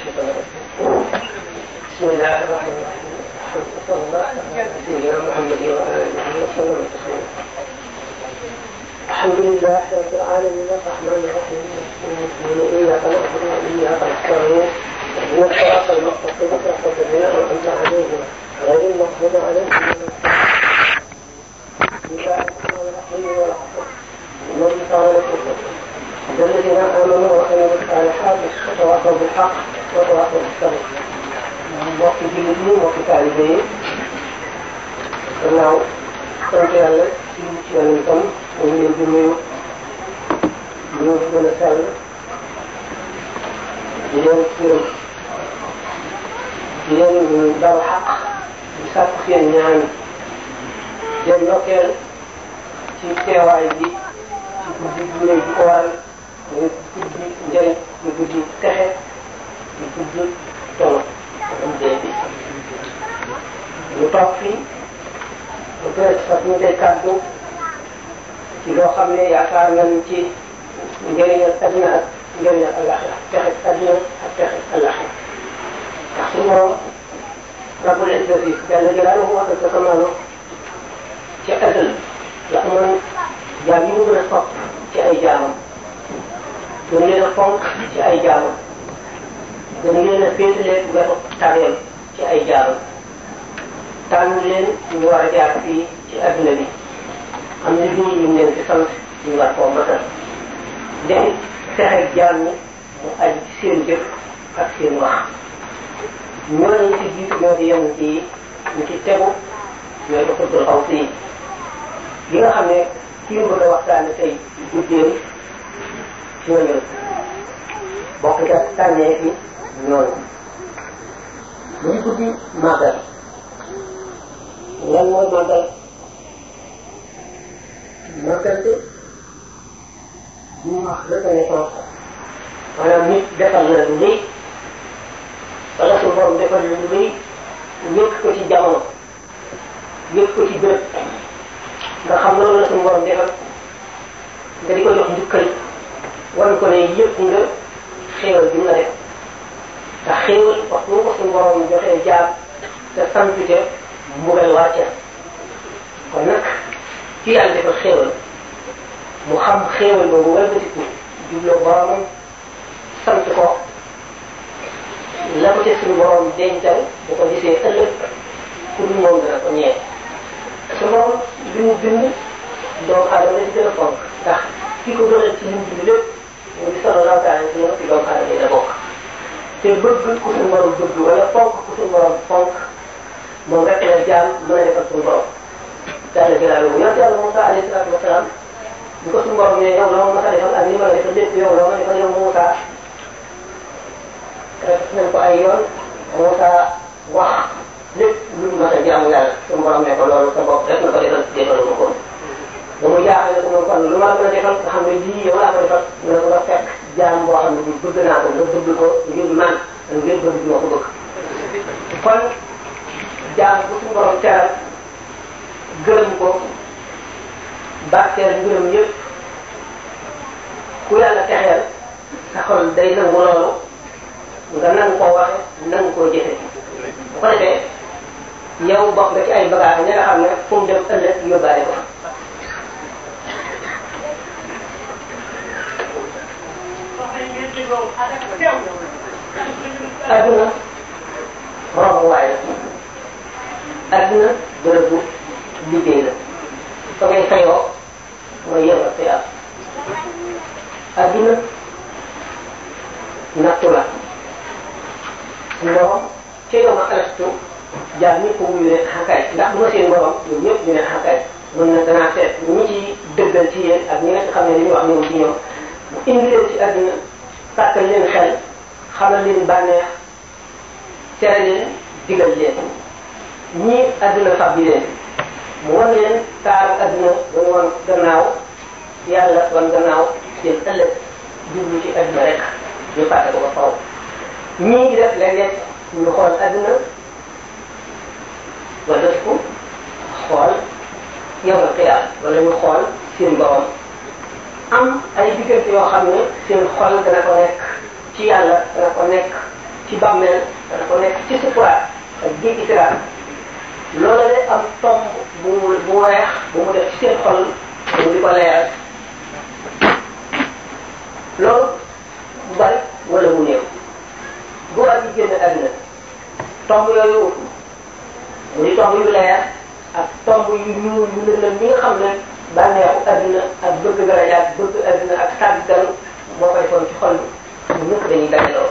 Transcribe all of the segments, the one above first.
بسم الله الرحمن الرحيم صلى الله على نبينا محمد وعلى اله وسلم تسليما الحمد لله رب العالمين الرحمن الرحيم المؤمنون اياك نعبد واياك نستعين اهدنا الصراط المستقيم صراط الذين انعمت عليهم غير المغضوب عليهم الذين امنوا وعملوا الصالحات وتواصوا بالحق soo ko waxee tamit mbokku jullit yi mbokku taalibe yi gannaaw sant yàlla ci ci yàlla itam ñu ngi leen di nuyu ñu gën a sell di leen gërëm di leen bal xaq di sàkk seen ñaan den ndokkeel ci teewaay bi ci guddi bu ne bi ko waral muy guddi njëriñ muy guddi texe lu gudd toll dundee bi ñu toog fii ba peut-être sax ñu koy kàddu ci loo xam ne yaakaar nañ ci njëriñal adduna ak njëriñal àllaxira pexe adduna ak pexe àllaxira ndax suñu borom rabbul izzati jalla jalaaluhu wa azza kamaalu ci azal la amoon jaam yi mu gën a topp ci ay jaamam gën leen a fonk ci ay jaamam dana leen a féetale wetu tabeem ci ay jaaram tànn leen ñu war a jaar fii ci adduna bi am liggéey yu mu leen fi sant ñu war koo matal defit fexe jaam ñi mu aju seen jëf ak seen wax ñooñu ci jiitu ñoo di yem ci ñu ci tegu ñooy ko xuddul xaw si li nga xam ne kii bëgg a waxtaane tey guddeem ci ñooñu bokk ca tànnee fi ñooñu bu ñu tuddi màggal lan mooy màggal màggal de ñu wax reconnaissance maanaam defal na lu rëy wala su borom defal na lu yëkk ko ci jamono yëkk ko ci bërëb nga xam ne loolu la defal nga di ko jox njukkal war ko ne yëpp nga xéewal bi mu la def te xéewal waxtu bu ko suñu borom joxee mu xam xéewal boobu wëlbatiku jubloo boromam sant ko la ko ca suñu borom dencal bu ko gisee ëllëg ku dul moom dana ko ñee su moom li doomu aadama la ci gën a fonk ndax ki ko gënal ci doomu aadama yi la te bëgg ku suñu borom bëgg wala fonk ku suñu borom fonk moom rek la jaam mën a defal suñu borom. daal la jëlaat loolu yonent yàlla Moussa alayhi salaatu wasalaam bu ko suñu borom ne yow la ma mën a defal ak li ma la defal lépp yow la ma defal yow Moussa rafet nañ ko ay yoon Moussa wax lépp lu mu mën a jaamu yàlla suñu borom ne ko loolu sa bopp rek nga ko defal defal ma ko. ba mu jaaxle ko moom kon lu ma la mën a defal nga xam ne lii yow laa ko defal nga ko fekk. jaam boo xam ne bëgg naa ko nga bëgg ko ngir man bëgg ñoo ko bëgg kon jaam bu suñu borom teral gërëm ko barkeel ngërëm yëpp ku yàlla texeel sa xol day nangu loolu nga nangu koo waxe nangu koo jëfe ko defee yow bokk nga ci ay bagages ña xam ne fu mu dem ëllëg yóbbaale ko adduna robuwaay la adduna bërëbu liggéey la fa ngay fayoo mooy yowma xiyaam nattu la ndawam ca yowma alastu jaar ñëpp wuyu ne xàkkaay ndax bu ma seen borom ñoom ñëpp ne xàkkaay mën na danaa seet ñu ci dëggal ci yéen ak ñi nga xam ñoom ci ñoom mu indi leen ci sàkkal leen xel xamal leen bànneex tere leen digal leen ñii àdduna fab bi leen mu wan leen taaru wan wan gannaaw yàlla wan gannaaw seen ëllëg jublu ci àdduna rek ñu fàtte ko ba faw ñii ngi def léeg-léeg ñu xool àdduna wala def xool yow na xiyaar wala ñu xool seen borom am ay diggante yoo xam ne seen xol dana ko nekk ci yàlla dana ko nekk ci bàmmeel dana ko nekk ci sufuraat ak ji isiraat loola de am tomb bu mu bu mu weex bu mu def ci seen xol mu di ko leeral loolu bari wala mu néew bu at yi génn àddina tomb yooyu mu di tomb yu leer ak tomb yu ñuul yu lëndëm ñi nga xam ne bànneexu adduna ak bëgg daraja bëgg adduna ak tàggal moo koy foon ci xol ñu ñëpp dañuy dajaloo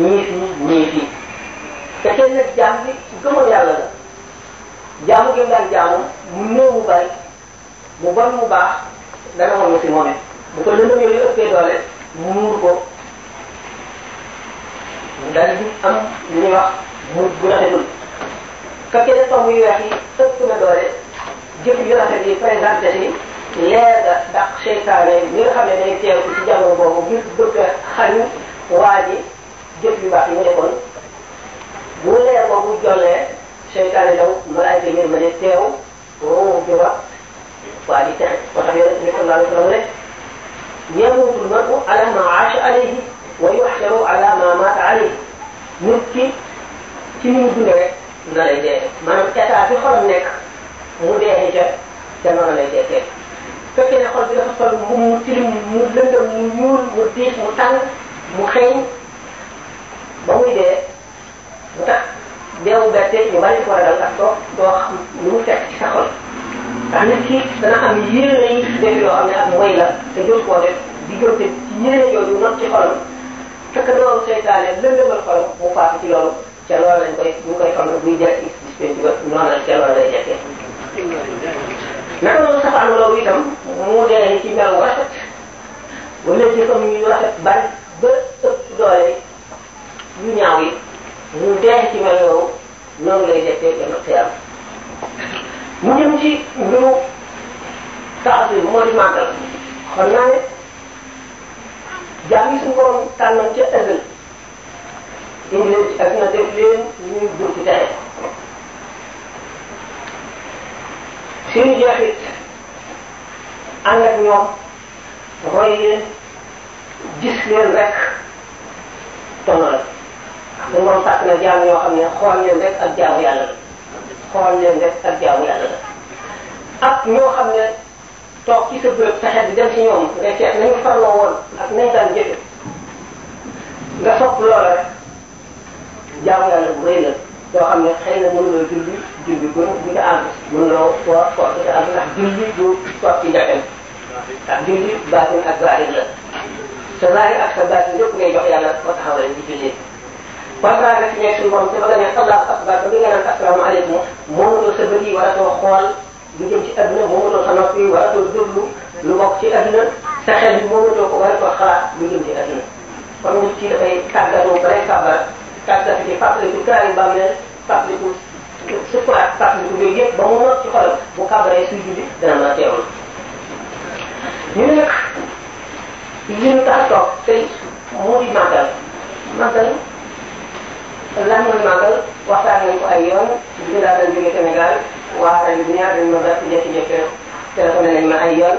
ñii fii ñii fii te kenn nag jaam bi gëmoon yàlla la jaamu gi mu jaamu mu néew mu bari mu bon mu baax dana moom si moomee bu ko lëndëm yooyu ëppee doole mu muur ko dal am li wax mu bu rafetul ka kenn tomb yu weex yi ëpp na doole jëf yu rafet yi présenté si leega seytaane bi xam ne day teew ci jamono boobu ngir bëgg a xañ waa jëf yu baax yi mu defoon bu leer boobu jollee seytaane daw malaayka yi ma ne teew ruu bi wax waa ji texe moo tax yonent bi sallallahu alayhi wa sallam rek yamuutul maru ala ma aasha alayhi wa yuxsaru ala ma maata alayhi nit ki ci ni mu dundee rek na lay dee maanaam état bi xolam nekk mu dee ca ca noonu lay dee teel ne xol bi dafa sol mu mu tilim mu lëndëm mu ñuul mu diis mu tàng mu xeeñ ba muy dee mu tax deewu bette ñu bari ko ragal ndax doo doo mu fekk ci sa xol ndax nit ki dana yoo xam ne ak te jot koo def diggante ci yéene yooyu not ci xolam fekk loolu seytaane lëndëmal xolam mu faatu ci loolu ca loolu lañ koy ñu koy xam ne buy jeex la naka noonu safaan loolu itam mu dee ci mel rafet wala jëfam yu rafet bari ba ëpp doole yu ñaaw yi mu dee ci mel yow noonu lay defee dama xiyam mu jëm ci mbiru taxaw bi moo di màggal xam naa ne jaam yi suñu borom tànnoon ca ëllëg indi na def leen ñuy dugg ci tere seeni jeexit ànd ak ñoom roy gis leen rek tono la suñu moom sàkk na jaam ñoo xam ne xool leen rek ak jaamu yàlla la xool leen rek ak jaamu yàlla la ak ñoo xam ne toog ci sa bërëb fexe di dem ci ñoom nga seet nañu farloo woon ak nañ daan jëfe nga sopp loola rek jaamu yàlla bu rëy la soo xam ne xëy na mën nga julli julli ba bu nga àgg mën nga woor koor bi nga àgg ndax julli du koor ci njëkkam ndax julli baatin ak baatin la sa zaahir ak sa baatin yëpp ngay jox yàlla ba taxaw leen di julli contraire la ci nekk suñu borom ci ba nga ne allahu akbar ba bi nga naan asalaamaaleykum moomatoo sa bët yi wala soo xool lu jëm ci adduna moomatoo sa nopp yi wala soo déglu lu bokk ci adduna sa xel bi moomatoo ko wala soo xalaat lu jëm ci adduna kon nit ki dafay tàggatoo ba lay kàbbar tàggati ci fàttaliku kaayu ba mu noot ci xolam bu kabaree suy julli dana mën a ne nag li ñu tax a toog tey moo di màggal màggal lan mooy màggal waxtaan nañ ko ay yoon ñu daal dañ jóge Sénégal waa rajo bi ñaar dañ ma ba jékki-jékki téléphoné nañ ma ay yoon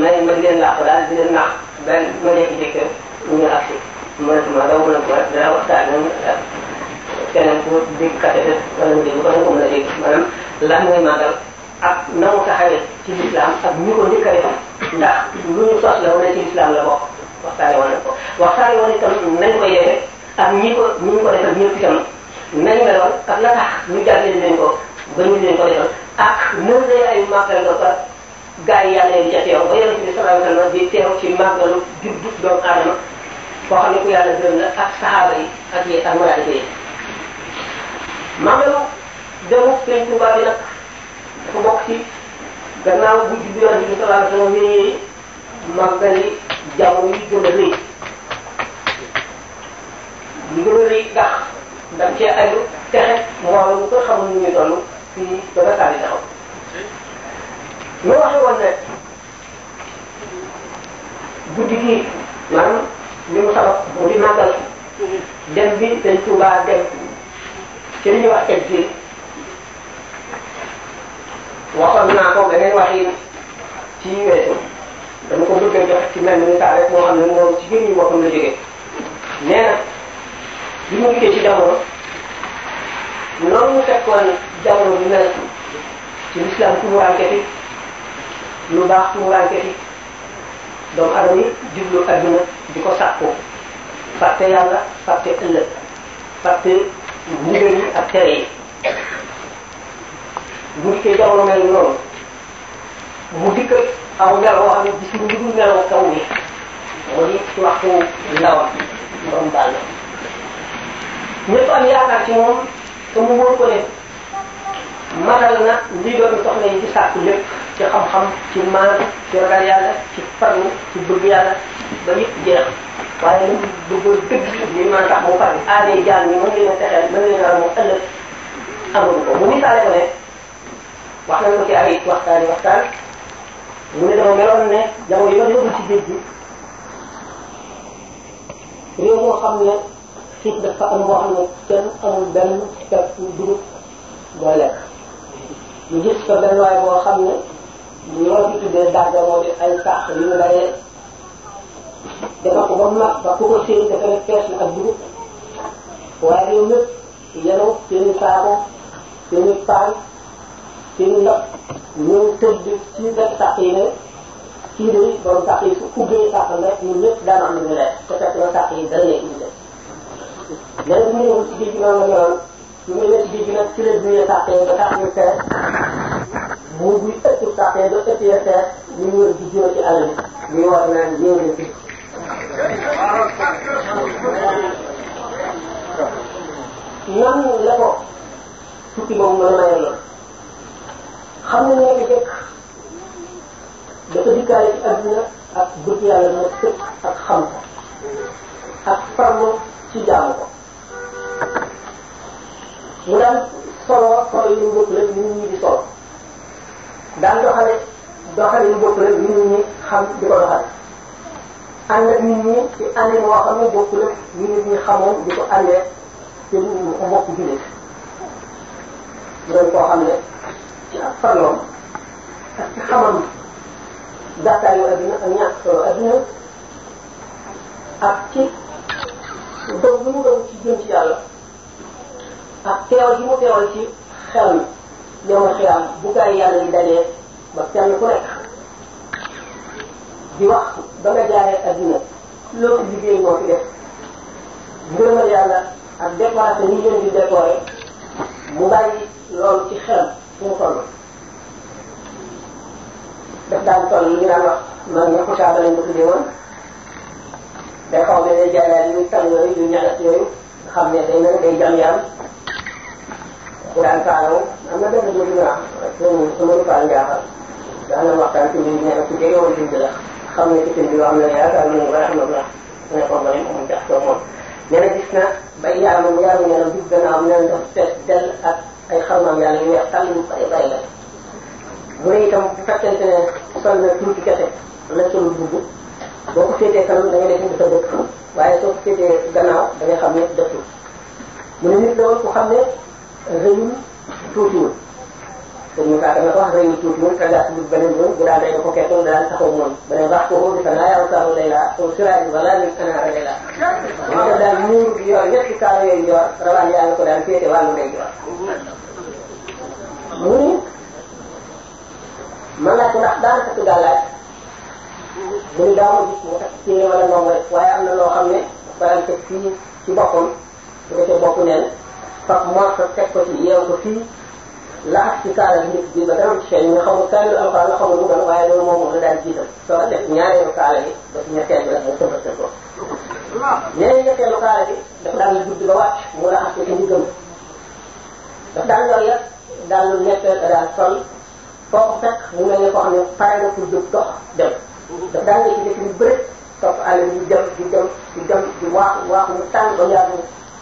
may ma di leen làq daal di leen naax benn ma mënatuma daw mënatuma dinaa waxtaan ak keneen ku dégg kàddu def wala mu dégg wala mu mën a dégg maanaam lan mooy màggal ak na mu taxawee ci lislaam ak ñu ko njëkk a def ndax lu sos la wala ci lislaam la bokk waxtaane woon nañ ko waxtaane woon itam nañ koy defee ak ñi ko ñi ñu ko defal ñëpp itam nañ meloon ak la tax ñu jàllale leen ko ba ñu leen ko defal ak nën lay ay màggal nga ba gars yi yàlla yi di ca teew ba yonente bi sallallahu alayhi wa sallam di teew ci màggalu juddu doomu aadama boo xam ku yàlla gërëm la ak saxaaba yi ak yi ak malaayika yi màggalu demu sëñ Tuuba bi nag dafa bokk ci gannaaw bu juddu Yonent bi sallallahu alayhi wa sallam yi màggali jàmm yi gën a rëy li gën a rëy ndax ndax cee aju texe moo lu ko xamul nu ñuy toll fii ba nga taal di taxaw ñu waxe woon ne guddi gi maanaam li mu sabab mu di màggal dem bi dañ Tuubaa dem ci li ñuy wax exil waxoon naa ko beneen wax yi ci weesu dama ko bëgg a jox ci mel ni misaal rek moo xam ne moom ci biir ñu boppam la jógee nee na bi mu gisee ci jamono noonu mu fekkoon jamono bi mel ci lislaam tumuraanketi lu baax tumuraanketi doomu adama yi jublu adduna di ko sàkku fàtte yàlla fàtte ëllëg fàtte ndigal yi ak tere yi bu dikkee jamono mel noonu mu dikk aw meloo xam ne gisuñu lu dul meloo kaw bi moo di ci waxtu ndawam borom baal la ñëpp am yaakaar ci moom te mu wóor ko ne matal na li doon soxla yi ci sàkku lépp ci xam-xam ci maanaam ci ragal yàlla ci farlu ci bëgg yàlla ba yëpp jeex waaye nag bëggoon dëgg li man tax mu farlu aadee jaan ñi mën leen a fexeel mën leen a moom ëllëg amuñu ko bu misaale ko ne wax nañ ko ci ay waxtaan yi waxtaan mu ne dama meloon ne jamono yi ma yóbbu ci géej gi réew moo xam ne xiif dafa am boo xam ne kenn amul benn pepp dugub boo ñu gis fa benn boo xam ne ñoo ci tuddee dàgga moo di ay sàq yu ñu baree dafa ko ba mag ba ku ko séen dafa ne fees na ak dugub waaye réew mépp yenu seeni saako seeni paan seeni ndox ñëw tëdd ci benn sàq yi ne kii de borom sàq yi su ubbee sàqam rek ñun ñëpp daan am ñu leer fekk na sàq yi dara nekk ñu def leneen mu ñëwoon ci géej gi noonu su ma yëg bii nag ci la juyee saafee ba tax ñu seet mu buy ëpp saafee ba ëpp ya seet ñu ngi wër di jiw ci àll bi ñu war naan jiw nañ fi. nan la ko tukki boobu mën naa yoroon xam nga ñoo ngi fekk dafa dikkaale ci adduna ak bëgg yàlla na tëkk ak xam ko ak farlu ci jaamu ko. mu daan solo solo yu bokkul ak nit ñi di solo daan doxale doxale yu bokkul ak nit ñi xam di ko xam di ko àndee te mu ko mu doon ci ak farloom ak ci xamam gàttaayu adduna ak ñàkk solo adduna ak lu mu doon ci jëm ci yàlla ak ah, teew gi mu teewal ci xel mi yow ma bu kay yàlla yi dajee ba kenn ku nekk di wax ba nga jaaree adduna loo liggéey moo fi def ak décoration yi leen di daan toll li ñu daan wax man ña Kouta ba lañ ko tuddee woon day xaw ne day jaay daal yu tànn yooyu yu ñagat xam ne day na day jam yaram Fulane Saalum am na benn mbir yu ma wax sëñ Sëñ Fall Ndiakhal daanaka waxtaan ci mbir mi ne de jege woon bind la xam ne ci sëñ bi na ba am na bu baax mu ne ko man mu jax ko moom. nee na gis na ba yaramam yaram yaram bi gannaawam ak ay xarmaam yàlla yu weex tàll yu bari la mu ne itam bu fekkente ne sol na tuuti kese la solu dugg boo ko féetee kanam da def indi sa dëkk waaye soo ko gannaaw da ngay xam ne dëkkul mu ne nit la woon xam ne rëyul tuutiwul sëñ Moussa dama ko wax rëyul tuutiwul ka ko daan taxaw moom beneen wax ko ko dafa naa yaw saaru lay lay laa ma ko daan muur gi yor ñetti kaala yooyu yor rawaan yaa nga ko daan féete wàllu lay yor man laa ko ndax daan takk gàllaaj mu ni daaw ma loo xam ne daan teg fii ci boppam bu defee bopp neen fab morso teg ko ci yeew ko fii la ak ci kaala nit bi ba dara ci ñu xamul kaamil alxuraan la xamul lu doon waaye loolu moom la daal jiital soo ko def ñaareelu kaala bi ba ci ñetteel bi la nga tëbëtal ko ko fekk ne koo xam ne pare na pour jóg dox dem daf daan la ci def bëri topp àll bi di dem di dem di dem mu tàng ba yàgg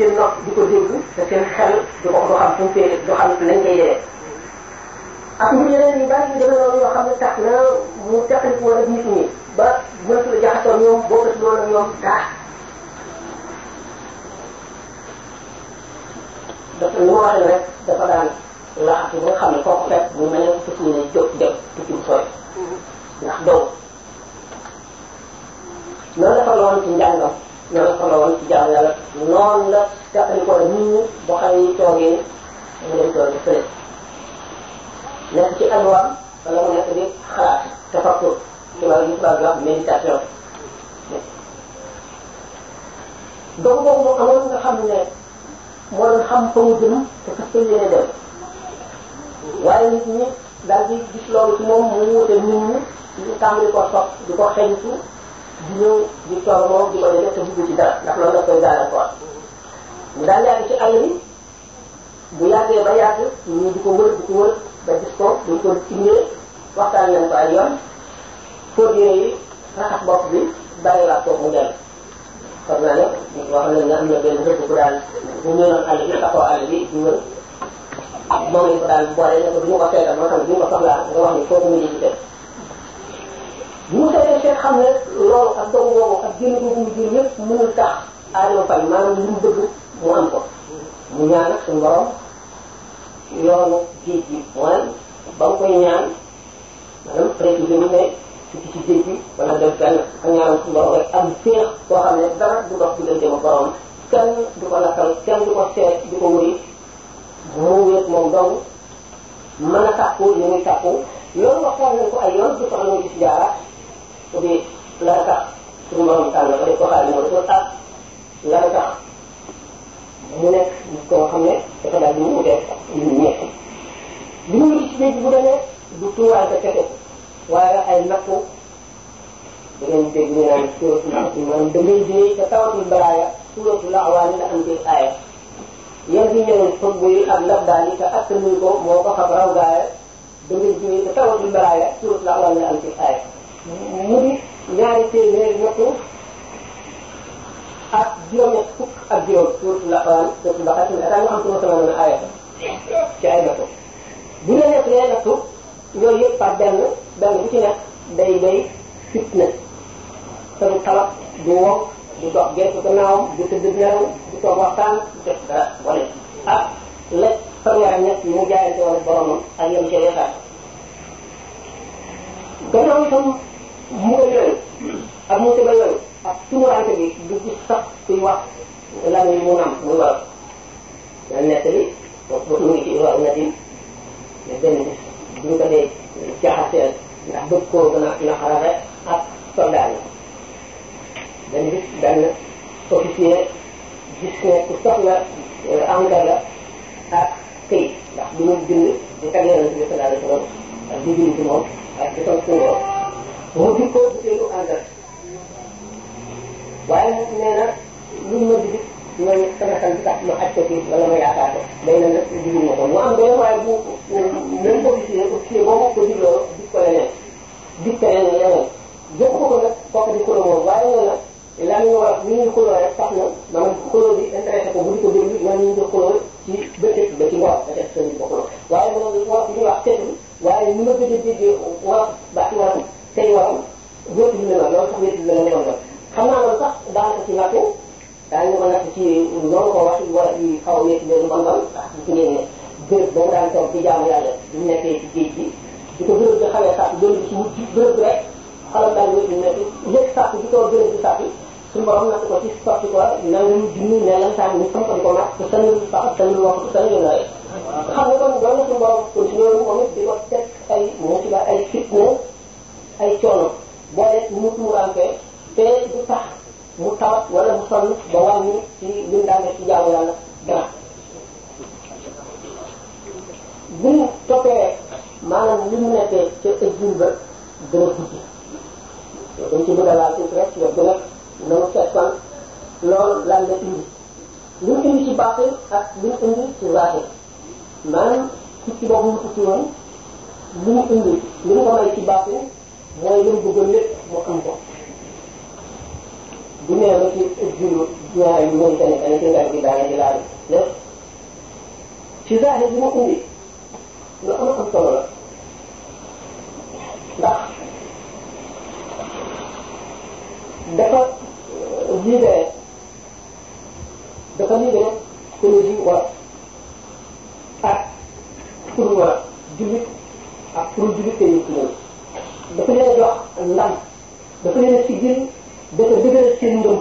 seen nopp di ko dégg te seen xel di ko du xam fu mu féete du xam nañ koy yewee ak mbir yeneen yu bari yu demee noonu yoo xam ne tax na mu teqaliku woon ak nit ñi ba mënatu la jaxasoo ñoom bokkatu woon ak ñoom dara dafa ni ma waxee rek dafa daan laxatu ba nga xam ne kooku fekk mu mel ne tukki ne jóg dem tukki bu sooy mm-hmm. ndax dow loolu dafa loon ci njàngam ña nga soxla woon ci jaam yàlla noonu la teqali ko nit ñi nga te fas loolu moom mu wute nit ñi ñu tàmbali ko sopp di ko xeñtu di ñëw di toog moom di ko defee te bugg ci dara ndax mu daal yàgg ci àll bi bu yàggee ba yàgg ñu di ko wër ba gis ko dañ ko waxtaan nañ ko ay mu dem rëbb bu daan bu ñëwoon àll bi taxaw àll bi di wër moom ko daan boole ne ko du ñu ko feetal moo xam wax ni foofu mu ngi ci def bu mu loolu ak dogu boobu ak génn boobu mu génn yëpp mënul tax aadama fay maanaam bëgg mu am ko mu ñaan ak suñu borom géej gi mooy ba mu koy ñaan maanaam précisé mu ne tukki ci géej gi wala dem fenn ka ñaanal suñu borom rek am féex boo xam ne dara du dox diggante ma borom kenn du ko lakkal kenn du ko seet du ko wëri mu wéet moom dong mën a tàkku li muy tàkku loolu waxtaan nañ ko ay yoon du soxla nga gis jaara su di la tax suñu borom tànn ba def ko xaalis moo def ko tax la mu nekk koo xam ne dafa daal di wute yu ñett li mu ci bu demee du tuuraay sa fete waaye ay nattu la am ci aaya yan bi ñëwoon xutbu yi ak labdaan yi te attanuñ ko moo ko xam raw gaaya da ngay jëlee sa tawatul balaaya suuratul awaani la am ci aaya mu di ñaari téeméer nekk ak juróom-ñett fukk ak juróom suuratul Baqara suuratul am sama sama mën a aaya ci ay nattu bu ñu nekk nee nattu yooyu yëpp day day fitna te du du wow du dox gerte gannaawam du tëdd nelaw du toog waxtaan du def dara wala ak lekk fanweer ak ñett yi mu jaayante woon boromam ak yem ci reetaan gannaaw itam mu ko yore ak mu ko ba yore ak tumurante bi du gis sax kuy wax lan yi mu nam muy waral na nettali boobu mu ngi ci waaw na di ne benn bis duñ ko dee jaxaseel ndax bëgg koo gën a naxarare ak soldat yi benn bis benn officier gis ne ku soxla engrais la ak këy ndax du mu di tag yonent bi sallallahu alayhi wa sallam di bind ci moom ak di toog ci mu di ko butéelu engrais waaye nag nee na luñ ma digit ma sama xel bi tax ma aj ko fii wala ma yaakaar ko day na nag digul ma ko mu am benn waaye bu même ko gisee ko gisee boo ko digloo dig ko leneen dig ko leneen leneen jox ko ko nag kooku di xuloo moom waaye nee na lan ñu wax ni ñuy xuloo rek tax na maanaam xuloo bi intéressé ko bu di ko déglu man ñu ngi xuloo ci bëccëg ba ci ngoor ba def sëñ bi ko xuloo waaye moom wax li ñuy wax seetlu waaye ni ma gëj a déggee wax ba ci waram tey waram wéetu lu mel noonu sax wéetu lu mel noonu xam naa loolu sax daanaka ci wàcce daañu ko natt ci loolu ko wax wala ci xaw a wéetu loolu ban ban ndax bu ñu ne béréb boobu daan toog di jaamu yàlla ñu nekkee ci géej gi di ko béréb bi xamee sax loolu ci wut ci béréb bi rek xalam daal wéetu ko béréb bi sax bi suñu borom natt ko ci sotti ko nangam junni ne lan saa ñu samp di ko natt te sënul sax sënul wax sënul nawet xam nga kon loolu suñu borom continué moom it ko teg ay motiva ay coono boole mu tuuraanke te du tax mu tawat wala mu sonn ba wàññi ci ci jaamu bu ñu toppee maanaam li mu nekkee ca ci bëgg a laal tuuti rek yow dina noonu seetaan loolu lu mu indi ci baaxee ak lu mu indi ci zaaxee maanaam tukki boobu mu tukki woon lu mu indi lu mu ko may ci baaxee mooy lu mu bëggoon lépp mu am ko bu nee ba ci jur ñaari mooy benn benn ci ngar gi daanaka laal lépp ci zaaxir bi ma indi lu am am solo la ndax dafa libéré dafa libéré énergie wala ak pour wala jullit ak pour jullit te ndam dafa leen a siggil dafa dëgëral seen ngëm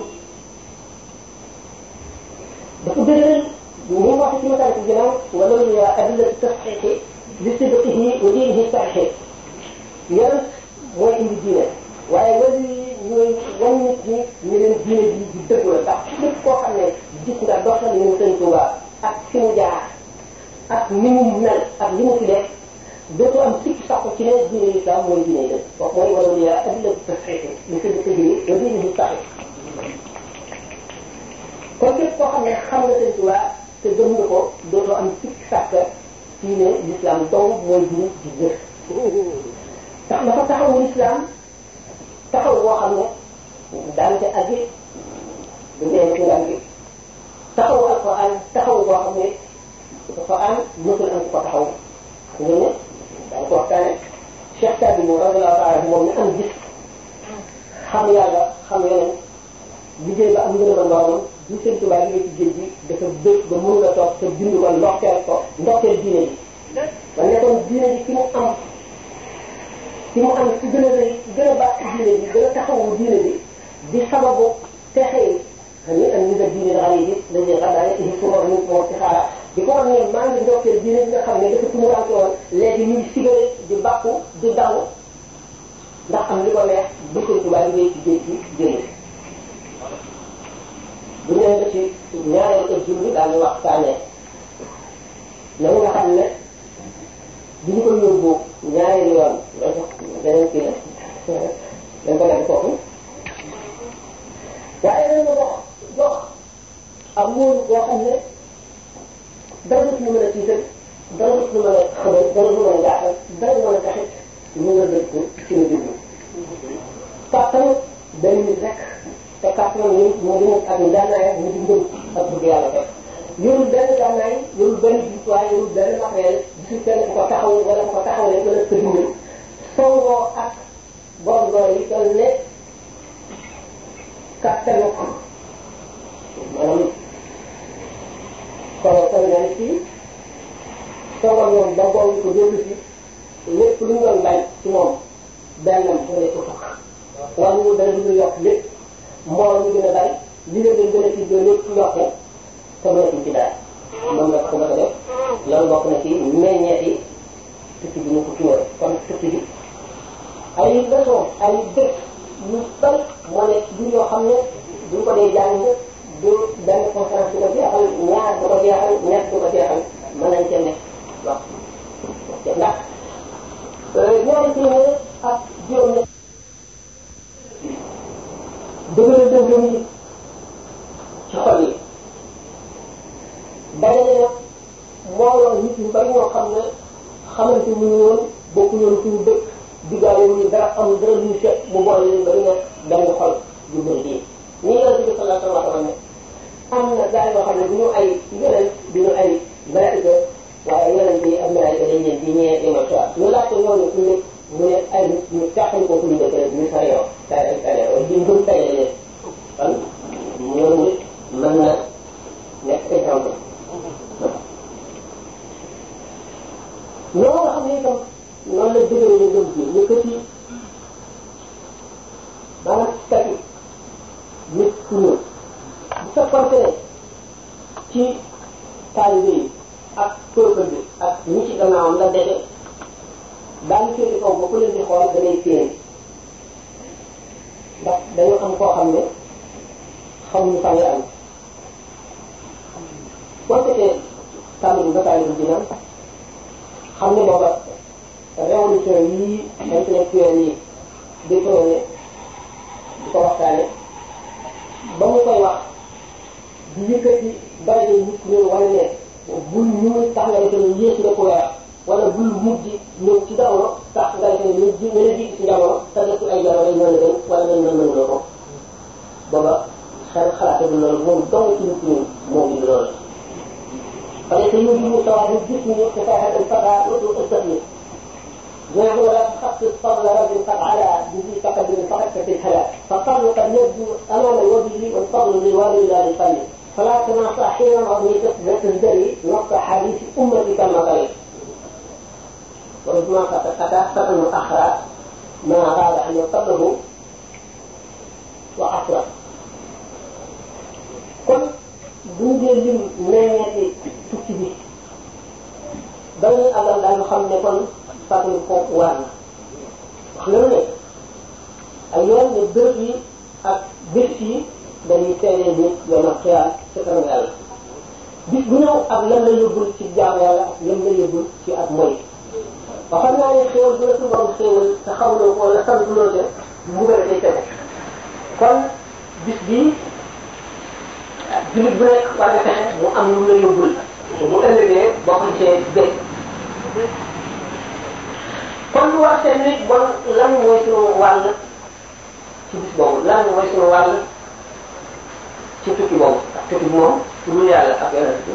ñuy sigare di bàkku di daw ndax am li ko neex bu Sëriñ Tuubaa liggéey ci géej gi génn bu ñëwee ba ci ñaareelu exil bi daal di waxtaanee na nga xam ne bi ñu ko yóbbu ñaareelu yoon loolu sax xam ne dara dootu ñu mën a dara du mën a xëbal dara du mën a jaaxal dara du mën a taxit ñu nga dëkk ci lu jublu. kàttan benn nit rek te kàttan yi moo di nekk ak gànnaay mu di ngëm ak bëgg yàlla rek. yorul benn gànnaay yorul benn jumtuwaay yorul benn matériel gisul kenn ku ko taxaw wala ku ko taxawalee wala euh, ku dimbali songoo ak borom doole yi doon ne kàttanu maanaam. kon kon nga ne fii. toogal moom ba boobu ko dellu si lépp lu ñu doon laaj ci moom benn mu yokk lépp mbooloo mu gën a bari li leen doon gën a tuddee lépp yokku a def bokk na ci meññeet yi tukki bi ñu ko bi ay leçon ay dëkk yu bari moo nekk bi yoo xam ne duñ ko dee jàng du benn conférence du ko ñaar du ko jeexal ñett du ko jeexal mën nañ wax ndax ñaari téeméer ak juróom ñett dëgg la dëgg yi ci xol yi dajale nag mbooloo nit ñu bari ñoo xam ne xamante ni ñu woon bokkuñu woon suñu dëkk diggaale ñu dara am dara luñu seet mu boole leen ba ñu nekk benn xol ju bëri bii ni yonent bi sallallahu alayhi wa sallam ne am na gaa yoo xam ne du ñu ay yeneen du ñu ay malaika waaye yeneen bi am ay yeneen yi ay nit ñu teqal ko ñu def ñu sayoo say ay sayoo di ngëm sayoo leen kon ñooñu mën na nekk exemple loolu nga xam ne noonu la dëgëre ñu gëm ji ñu kët yi ba nga tati nit ku ñëw bu fekkoon ci taalibe yi ak përkët bi ak ñi ci gannaawam la dese daañu féete ku leen di xool da lay téye ndax dañu am koo xam ne xamuñu fan la am boo seetee tàmbali bi ba tàmbali bi dina xam ne booba révolution yii intellectuel yi di prôné di ko waxtaane ba mu koy wax di yëkkati daraja nit ñi wala ne bul ñuul tax nga defe ne yées nga ko weer wala bul mujj ñëw ci jamono tax nga defe ne ñu nga la jiitu ci jamono te def ci ay jamono ñoo la gën wala mel na mënuloo ko booba xel xalaate du loolu moom dong ci nit ñi moom du loolu parce que ñu ngi mu tawaat ñu gis ñu te fexe fadaa ëpp ëpp yi ñaax wala xas fadla rajul qad ala bi bi faqad bi faqad fi xalaat fa fadlu qad yabdu amama wajhi wal fadlu li wari la li fadli فلا تنافع حين مضيتك ذكري وقت حديث أمتك المثل وربما تتأثر مؤخرا ما أراد أن يقبله وأفرط kon bu ñu dee lim meññeeti tukki bi ba ñuy àggal dañu xam ne kon fàttali ko war na wax nañu ne ay yoon ne bërëb yi ak bés yi dañuy seede bi dana xiyaar ci kanam yàlla bis bu ñëw ak lan la yóbbul ci jaam yàlla lan la yóbbul ci ak mooy waxoon naa ne xéewal bu la su borom kon bis bii jullit bu nekk war na mu am lu yóbbul mu ëllëgee bokk cee béy kon lu war seen nit bon lan mooy sunu wàll ci bis boobu lan mooy sunu wàll ci tukki boobu ndax tukki bi moom pour ñu yàlla ak yonent bi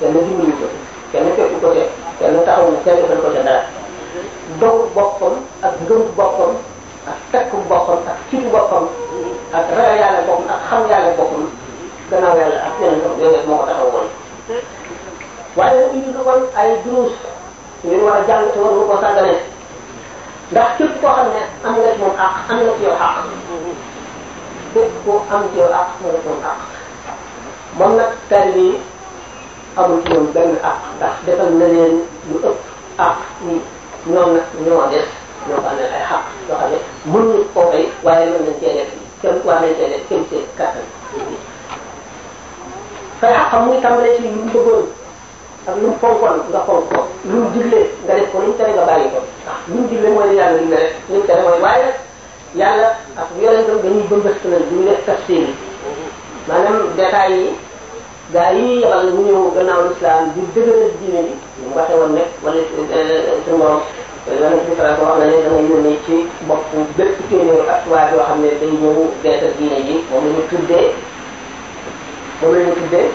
kenn dimbali ko kenn fekk ko te kenn taxawu kenn defal ko te dara dogu boppam ak ngëm boppam ak tekku boppam ak citu boppam ak ragal yàlla boppam ak xam yàlla boppam gannaaw yàlla ak yonent bi yooyu moo ko taxawoon waaye nag indi ko kon ay duruus ngir war a jàng te koo xam ne am nga ci moom àq am nga ci ku am ci yow àq nga def moom àq moom nag taalibe yi amul ci ñoom benn àq ndax defal na leen lu ëpp àq ni ñoom nag ñoo def ñoo ko amee ay xaq yoo xam ne mënuñu koo fay waaye mën nañ cee def kenn waa nañ cee def kenn cee kattan fay xaqam muy tàmbalee ci lu mu bëggoon ak lu mu fonkoon nga fonk ko lu mu diglee nga def ko lu mu tere nga bàyyi ko ndax lu mu diglee mooy yàlla li nga def li mu tere mooy waaye nag yàlla ak yonentam dañuy bëmbëxtalal duñu def tafsir yi maanaam détails yi gaa yi yebal mu ñëw gannaaw lislaam di dëgëral diine bi mu waxe woon nekk wala euh, euh, suñu borom euh, yonent bi sallallahu alayhi wa sallam wax na ne danga yónnee ci bopp bépp téeméer ak waa yoo xam ne day ñëw beesal diine ji moom la ñu tuddee moom la ñu tuddee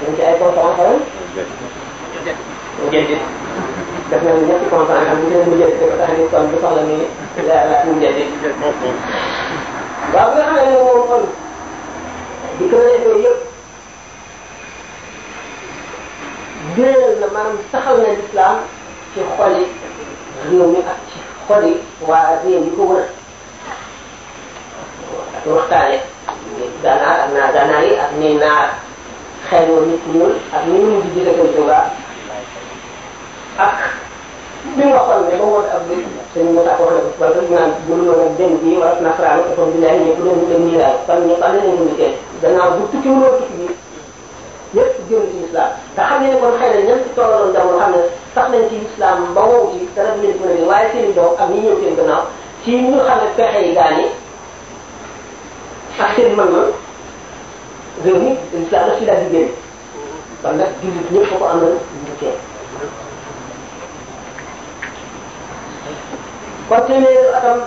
dañ ci ay mu jënd def nañu ñetti conférence am ñu ne mu jënd dafa tax ni kon du soxla nii la mu jënd nga xam ne moom kon di ko defee yëpp biral na maanaam saxal na lislaam ci xoli ak ci xoli waa réew yi ko wër ak waxtaane ganaar ak naa ganaar yi ak ni naar xeer nit ñuul ak ni ñu di gis ak ak bi mu waxoon ne ba mu woon ab bi suñu mos a ko waxee ba pare naan budul woon ak benn bii wala nasaraan ak kon billahi ñëpp doon dem nii daal kon ñu xam ne dañu ñu teel gannaaw bu tukki wuloo tukki bi yëpp jëm ci islam nga xam ne kon xëy na ñan ci tollaloon jamono xam ne sax nañ ci islam ba wow ci dara du leen mën a jël waaye seen i doom ak ñi ñëw seen gannaaw ci ñu xam ne pexe yi gaañi ak seen mën-mën réew mi islam daf ci daal di génn kon nag jullit ñëpp ko àndal ñu teel kon téeméeri atam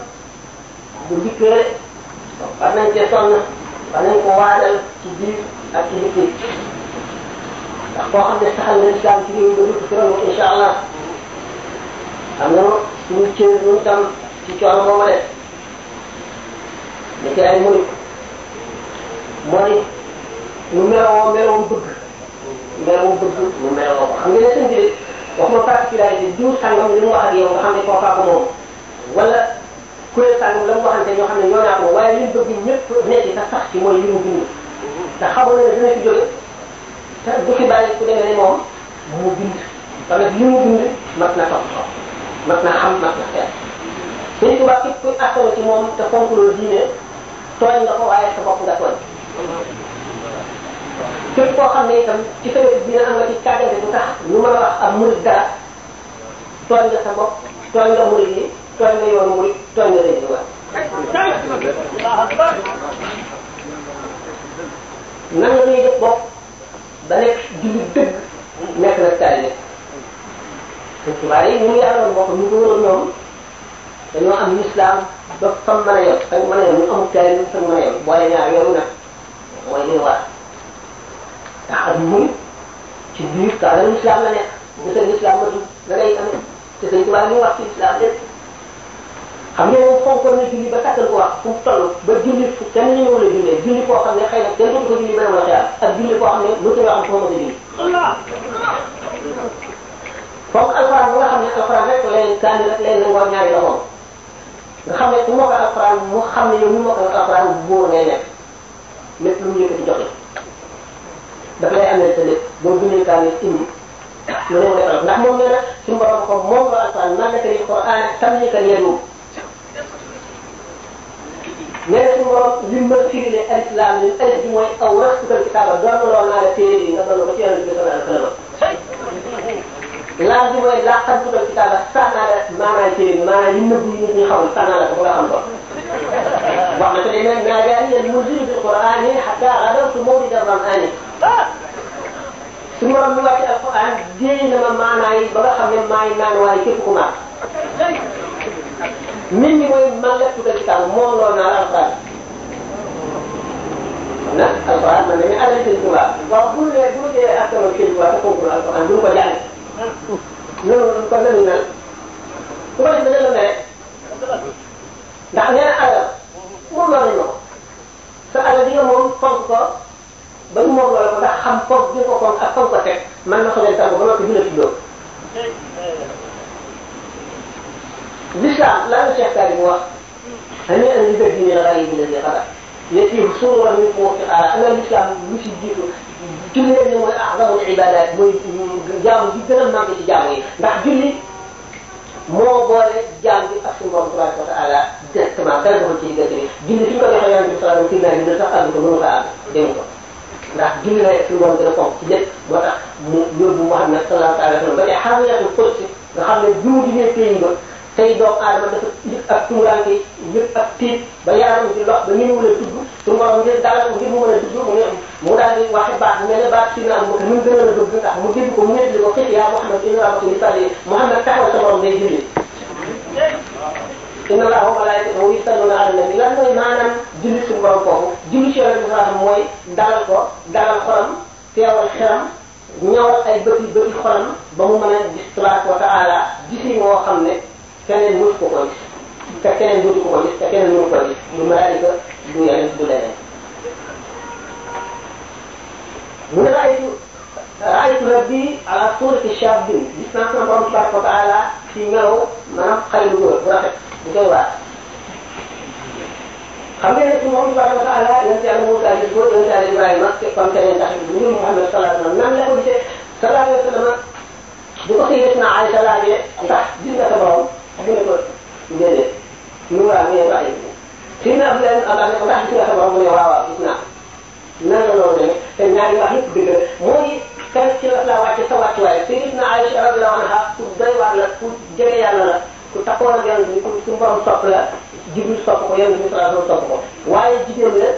bu dikkee war nañ cee sonn war nañ ko waajal ci biir ak ci biti ndax koo xam ne saxal na islam ci réew mi dugg ci loolu incha allah am na suñu cër ñun tam ci coono boobu de li ci ay murit mooy mu meroo meroo bëgg meroo bëgg mu meroo ko xam nga ne seen bi de waxuma particularité diw sàngam li mu wax ak yow nga xam ne kookaa ko moom wala kuréel sàngam la mu waxante ñoo xam ne ñoo naa ko waaye li mu bëgg ñëpp nekk ci sax ci mooy li mu bind te xamoon na ne fi jóge te du fi bàyyi ku demee ne moom mu bind kon nag li mu bind na topp ko te fonk nga ko waaye sa bopp nga tooñ képp koo xam ne itam ci sa wér dina am nga ci càggante bu tax lu mën a wax am murid dara tooñ nga sa bopp tooñ nga murid yi tooñ na yoonu murid tooñ na Sëriñ Tuubaa nan la ñuy def bopp ba nekk jullit dëgg nekk nag taalibe Sëriñ Tuubaa yi ñu ngi yaroon bopp ñu ko wëroon ñoom dañoo am lislaam ba fam mën a yor fa mën a yor ñu amul taalibe fa mën a yor boole ñaar yooyu nag mooy li war ndax ak murid ci biir kaw la lislaam la nekk bu sa lislaam matul da ngay amee te Sëriñ Tuubaa li mu wax ci lislaam lépp xam ngeen moom fonkoon na julli ba takkal ko wax fu mu toll ba julli fu kenn ñu wala jullee julli koo xam ne xëy na kenn dootu ko julli ba wala xiyal ak julli koo xam ne mënta yoo xam fu ma mën a julli fonk alxuraan bi nga xam ne alxuraan rek leen kaani rek leen nangoo ñaari loxoom nga xam ne ku mokkal alxuraan mu xam ne yow ñu mokkal alxuraan boo ngay nekk lépp lu mu yëkkati joxe dafa lay amee sa lépp boo bindee kaani indi lu ne mu defal ndax moom nee na suñu borom ko moom la alxuraan man naka ni quraan tam ni ka yeedu nee na suñu borom lim ma firine al islam li alif bi mooy aw rax sukal kitaaba doon loo naa la téere yi nga doon ko ci yonent bi sallallahu alayhi wa sallam laal bi mooy laa xam sukal kitaaba sax naa la maanaam téere bi maanaam lim nëbb yi nit ñi xamul sax naa la ko ba nga xam ko wax na ko ne nag naa gaa yi yéen mujjir bi quraan yi hatta xadawtu mawlida ramani suñu borom mi wàcce alquran jéey na ma maanaa yi ba nga xam ne maay naan waaye képp ku maak nit ñi mooy màllatugal kitaab moo lool naa la alxuraan xam na alxuraan man dañuy adressé Sëriñ Tuubaa waaw bu ñu nee bu ñu jëlee askan wi Sëriñ Tuubaa te fonkul alxuraan du ñu ko jàng loolu kon lañu naan su ko defee dana la mere ndax nee na alal moom loolu ñu ko sa alal di nga moom fonk ko ba ñu moom loolu ko ndax xam fonk bi nga ko fonk ak fonk ko teg man na ko leen tànn ba noppi dina ci dóor lisaa laa euh, la Cheikh Salim wax. dañuy indi gëj gi ñu ne rajo bi la dee xanaa. léegi suñu war ñu ko ci xaaral ana lislaam lu ci jiitu julli lañ ne mooy ahzamul ibadat mooy jaamu bi gën a màgg ci jaamu yi ndax julli moo boole jaam bi ak suñu borom tabaraka wa taala directement dara doxul ci ko joxee yonent bi sallallahu alayhi wa sallam dina sax àgg ko mu yóbbu Muhammad sallallahu alayhi wa sallam ba tey xaaral ko nga xam ne jiwu bi ne tey doomu aadama dafa njëkk ak tumuraange njëkk ak tiit ba yaram di lox ba ñëwul a dugg su morom ngir dalal ngir mu mën a dugg mu ne mu daal di waxe baax na am mu gën a dugg ndax mu dégg ko mu yaa Muhammad inna rabaka inna allaha wa malaikatahu yusalluna ala nabi lan mooy maanaam julli suñu dalal ko dalal xolam teewal xelam ñawal ay bëti bëti xolam ba mu mën a gis tabaraka wa taala gisi moo xam ne keneen mënu ko ko gis te keneen dootu ko ko gis te keneen mënu ko gis du malaayika du yeneen du leneen mu ne raaytu raaytu rabbi ala surati shabin gis naa sama borom tabaraka wa taala ci melo maanaam xale bu góor bu rafet bu doy waar xam nga ne su moom tabaraka wa taala yonent yàlla Muusa gis ko yonent yàlla Ibrahima comme keneen tax bu ñu Muhammad sallallahu alayhi wa sallam nan la ko gisee sallallahu alayhi wa sallam bu ko xëy na Aïcha laajee ndax gis nga sa borom mu ne ko déedéet mu waa mu ne bàyyi fii naa fi leen Allah ne ko ndax gis nga sa borom mu ne waaw waaw gis naa nan la loolu demee te ñaari wax yëpp dëgg la moo ngi kan ci la la wàcce sa wàccuwaay Sayyidina Aïcha radiyallahu anha ku doy waar la ku jege yàlla la ku takkoon ak yàlla bi ku su borom sopp la Jibril sopp ko yàlla bi sallallahu sopp ko waaye jigéen la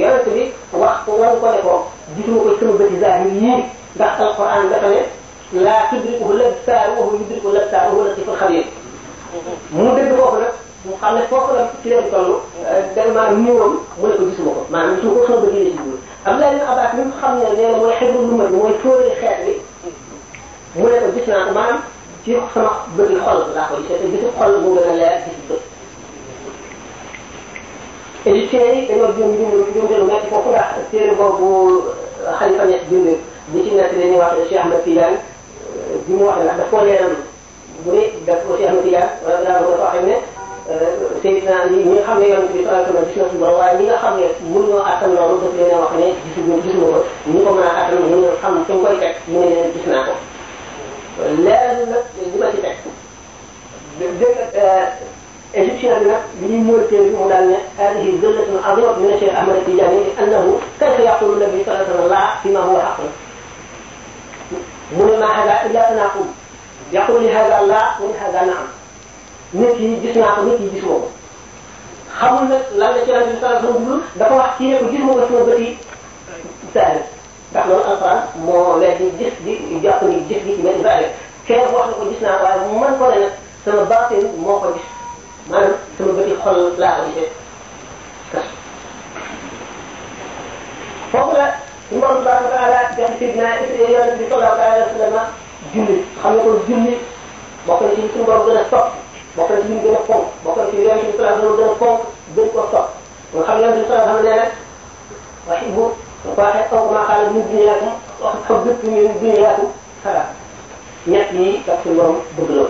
yonent bi wax ko wan ko ne ko gisuma ko sama bëti zaahir yii ndax alquran dafa ne laa tudrikuhu labsaaru wa huwa yudriku labsaaru wa huwa latiful xabiir mu dégg foofu nag mu xam ne foofu la ci leen toll euh, tellement mu ne ko gisuma ko maanaam su ko sama bëgg la ci dugg ne nee na mooy xibru lu mat mooy tóoree xeet bi mu ko gis naa ko maanaam ci sama bëgg xol laa ko gisee te gisu xol moo gën a leer gis bët égyptiens yi foofu ndax téere boobu euh, xalifa nekk bind bi ci nekk dañuy wax Cheikh Ahmed Tidiane euh, bi mu wax ne ndax daf koo bu ne def ko Cheikh Ahmed Tidiane wala daanaka dafa xam ne euh, Seydina Ali ñi nga xam ne yonent bi sallallahu alayhi wasallam gis na suñu borom waaye ñi nga xam ne mënuñoo attan loolu daf leen a wax ne gisuma gisuma ko ñu ko mën a attan ñu ne xam fi mu koy teg ñu ne leen gis naa ko leeral nag li ma ci teg dégg nga euh, égyptien bi nag bi ñuy muur téere bi mu daal ne hadihi zillatun azimatun min Cheikh Ahmed Tidiane annahu kayfa yaqulu nabi sallallahu alayhi wasallam la fi ma huwa haqq mu ne ma hada illa tanaqul yaqulu li hada la wa li hada naam nit yi gis naa ko nit yi gisuma ko xamul nag lan la ci yàlla bi sallallahu alayhi wasallam dafa wax kii ne ko gisuma ko sama bët yi saari ndax loolu alquran moo weer di gis di jàpp ni gis gi ci mel saari kenn wax na ko gis naa waaye man ko ne nag sama baatin moo ko gis maanaam sama bët yi xol laa ko gisee foofu la Mawal Ba Ba Ala def Sidna Yonent bi sallallahu alayhi wasallam julli xam ne kon julli bokk na ci suñu borom gën a sopp bokk na ci ñu gën a fonk bokk na ci yooyu suñu place borom gën a fonk gën ko sopp nga xam ne suñu place xam ne nag waxi bu waxee fonk maa xaaral ñu dundee ak wax xam lépp ñu dundee ak xalaat ñett yi ak suñu borom bëgg loolu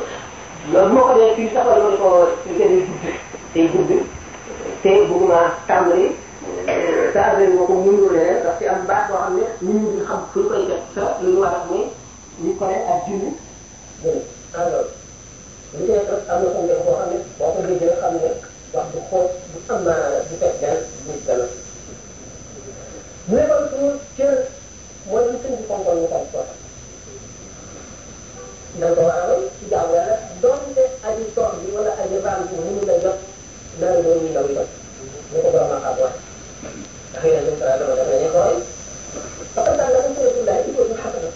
loolu moo ko dee fii sax wala ma ko liggéey day gudd day gudd te bëgguma tàmbali saa ren moo ko mënuloo leneen ndax ci am baax boo xam ne nit ñi xam fu ñu koy def sa lu ñu war a muy ñu ko ne ak junni. junni alors li koy def am na ko njëkk boo xam ne boo ko déggee nga xam ne wax bu xool bu am maanaa la bu fekk dana bu dana. bu nekkoon suñu cër mooy li sëñ bi fonkoon ñu xam ko. da nga ko waral ci jaamu yàlla donte aji toog bi wala aji raam bi mënu la jot dara loolu ndaw yi jot. ñu ko borom a xam wax. ndax yéen a ngi ko daal dama def nañu ko waaye. parce que daal la ko tëjee ci laaj ci kër gi xam na.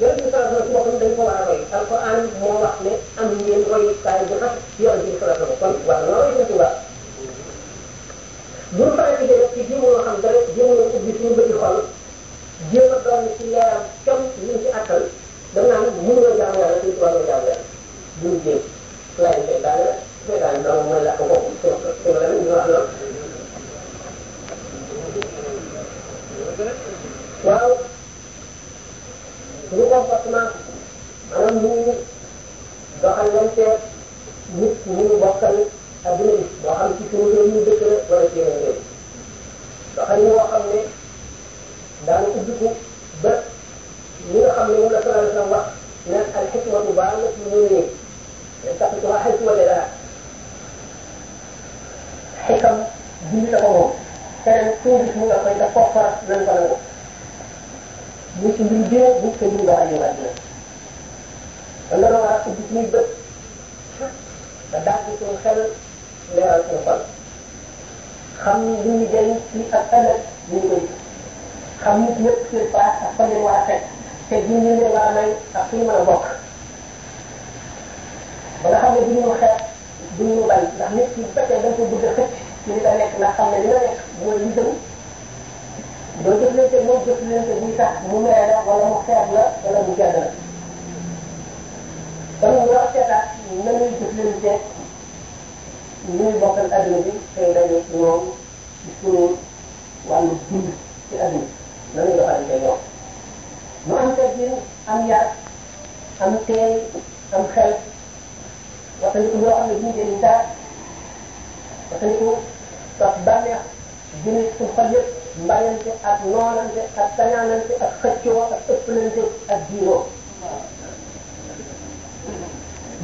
yonent bi sallallahu alayhi wasallam dañ ko war a roy alquran moo wax ne am ngeen royukaay bu rafet yonent bi sallallahu alayhi wasallam kon war na roy Sëriñ Tuuba bu ñu faral di def ci jéem loo xam dara jéem loo ubbi suñu bëti xol jéem a doon ci leeram cam ñu ci àttal dam naan mënuloo jaamu yàlla Sëriñ Tuuba loo jaamu yàlla bu ñu jéem laay fay daal la fay daal doon mooy làkk boobu sama sama la ñu wax loolu waaw suñu comportement maanaam ñu ngi doxalante nit ñu ngi bokkal adduna bi boo xam ci suñu réew ñu dëkk la wala ci yeneen réew doxal ñu boo xam ne daan ubbiku ba li nga xam ne moom la sonal sa wax naan al xikmatu baa nga ci ñëw nii dañ tax ci waxal ci wala dara na ko moom keneen tuubis mu nga koy daf koo farat nañ ko mu ci mbir diine mu ci mbir dara ñu wàññi la. a ubbi bët te daal di suñu xel leeral suñu xol xam ni li ñu jëriñ fii ak ëllëg ñu ngi xam nit ñëpp seen place ak fan war a fekk te jiw ñu leen war a may ak suñu mën a xam ne duñu xeex duñu bañ ndax nit ki bu fekkee da nga ko xam ne li nga nekk mooy li gën. doo jëflante moom jëflante buy tax mu mere la mu xeeb la wala mu gedd la kon ñoo seetaat na ñuy jëflante ñuy bokkal adduna bi tey dañu ñoom ci suñu wàllu dund ci adduna na ñuy doxalante ñoom mu am teggin am yar am teey am xel waxtandiku loo xam ne duñu jëriñ dara waxtandiku sax bànneex jëmee suñu xol yëpp mbañante ak noonante ak ak xëccoo ak ëppalante ak diiroo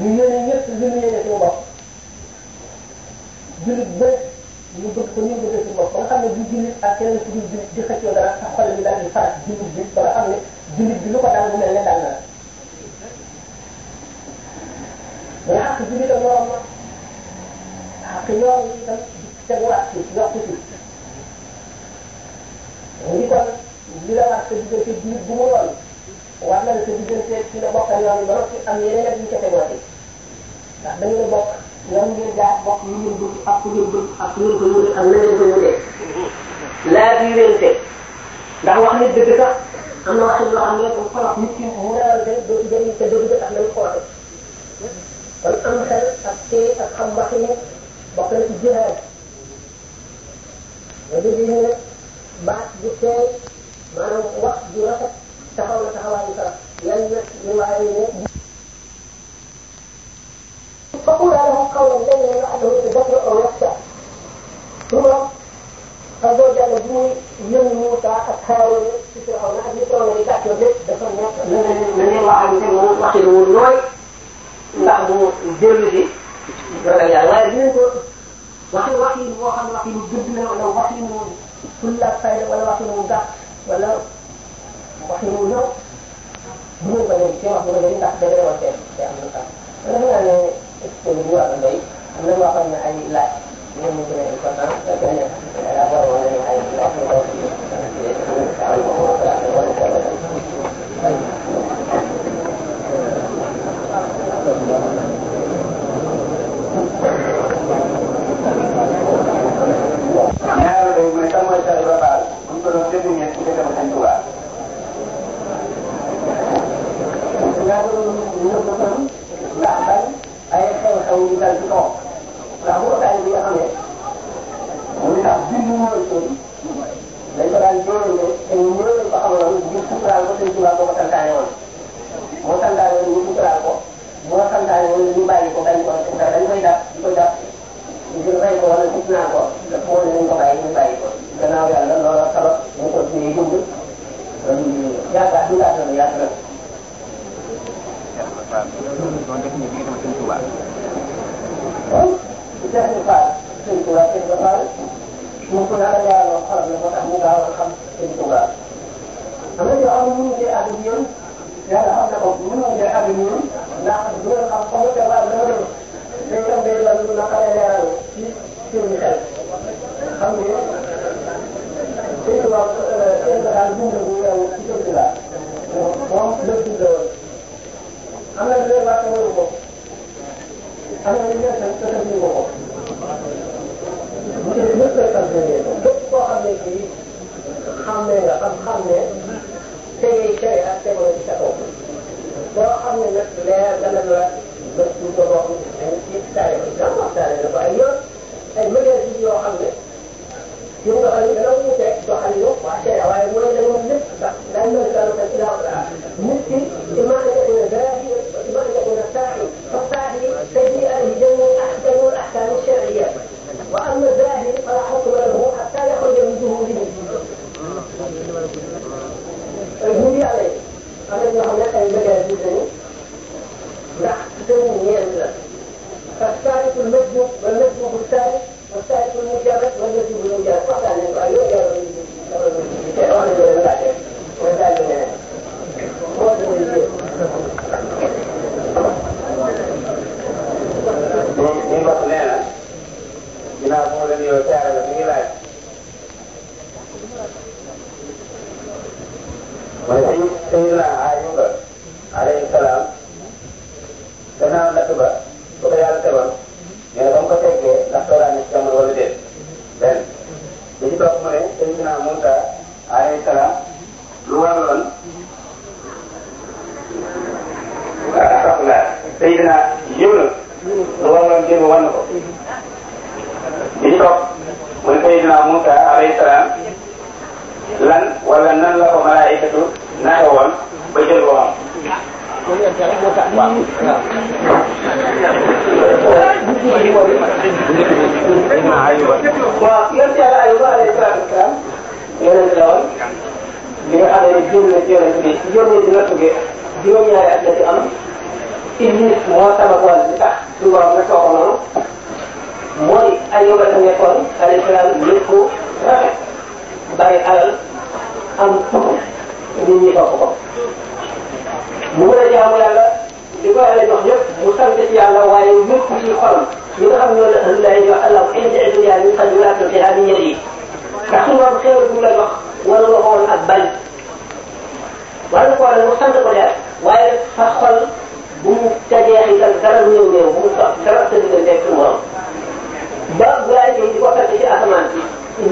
ñu yéene ñëpp li ñu yéene suñu bopp jullit bëri ñu bëgg ko ñu bëgg suñu bopp ba nga xam ne du jullit ak keneen ku dul dara ak xol bi daal di farat jullit bi ba nga xam ne jullit bi lu ko daal mu mel ne daal na ak morom ma xaq yoon yi itam mu ngi kon li la war sa diggante jullit bu mu doon war na la sa diggante ci la bokkal yoon ba noppi am yeneen ak yu ca tegooti ndax dañu la bokk yoon ngeen gaa bokk ñu ngeen bëgg ak ngeen bëgg ak ngeen ko yónnee ak ngeen ko yónnee laa bi wérante ndax wax nit dëgg sax am na waxin loo xam ne dañ ko wax nit ki mu dalal de doo ci jëriñ te doo ci jot ak nañ xoote kon am xel ak tey ak xam waxi ne bokk na ci jihaad nga dégg ñu ne baat bu teey maanaam wax ju rafet taxaw na taxawaayu salaf yal na riwaay ne فقول له قولا لينا لعله يتذكر او يخشى ثم فزوج الذي ينمو تاكاو في فرعون ان يكون لك كبير دفن من الله عز وجل وخير ونوي ndax mu dellu si ragal yàlla waaye dinañ ko waxi waxi boo xam ne waxi mu gudd la wala waxi mu fulla ak fayda wala waxin wu gàtt wala waxin wu ñëw bu ñu ko léegi seen wax bu ko léegi ndax dëgg la woon seen day am lu tax dafa naa ne expo bi ñu war a doy am na waxoon ne ay laaj ñoom ñu gën a important da gën a la war woon nañu ay laaj yu doon Thank you. ko doon déggee ci dëkk ba Sëñ Tuubaa. ndax bañ ay xew-xew yu dal ci kaw ndax bu ko daal bi nga xam ne mu ndax bindu mooy seen dañ ko daal jéem ne te ñëw lañ ko xamaloon ngir suturaal ko Sëñ Tuubaa boo ko santaane woon moo santaane woon ñu suturaal ko moo santaane woon ñu bàyyi ko bañ ko ndax dañ koy dàpp di ko dàpp ngir rey ko wala gis naa ko te foo ne nañ ko bàyyi ñu bàyyi ko. gannaaw yàlla loola sabab ñu ko suñuy dund kon yaakaar ñu laa doon yaakaar. waaw loolu def ñu bi nga xam ne sëñ Touba. waaw def ñu faal sëñ Touba sëñ Ba faal mu ko naan yàlla xolam la moo tax mu gaaw a xam sëñ Touba. am na yoo xam ne mënuñu cee àgg ak yoon yàlla xam na ko mënuñu cee àgg ak yoon ndax du doon xam xamu ca waaw dama dem day dem day doon lu naqaree leeral ci suñu xel xam nga Sëñ Tuba Sëñ Tuba daal bu yow ci kër gi laa moom lépp dund la wax waru ko am na lu te tënku ko ko. lépp lépp lay sant ngeen ko lépp koo xam ne bii xam ne nga xam xam ne tegee cere ak tegoo ci sa kaw boo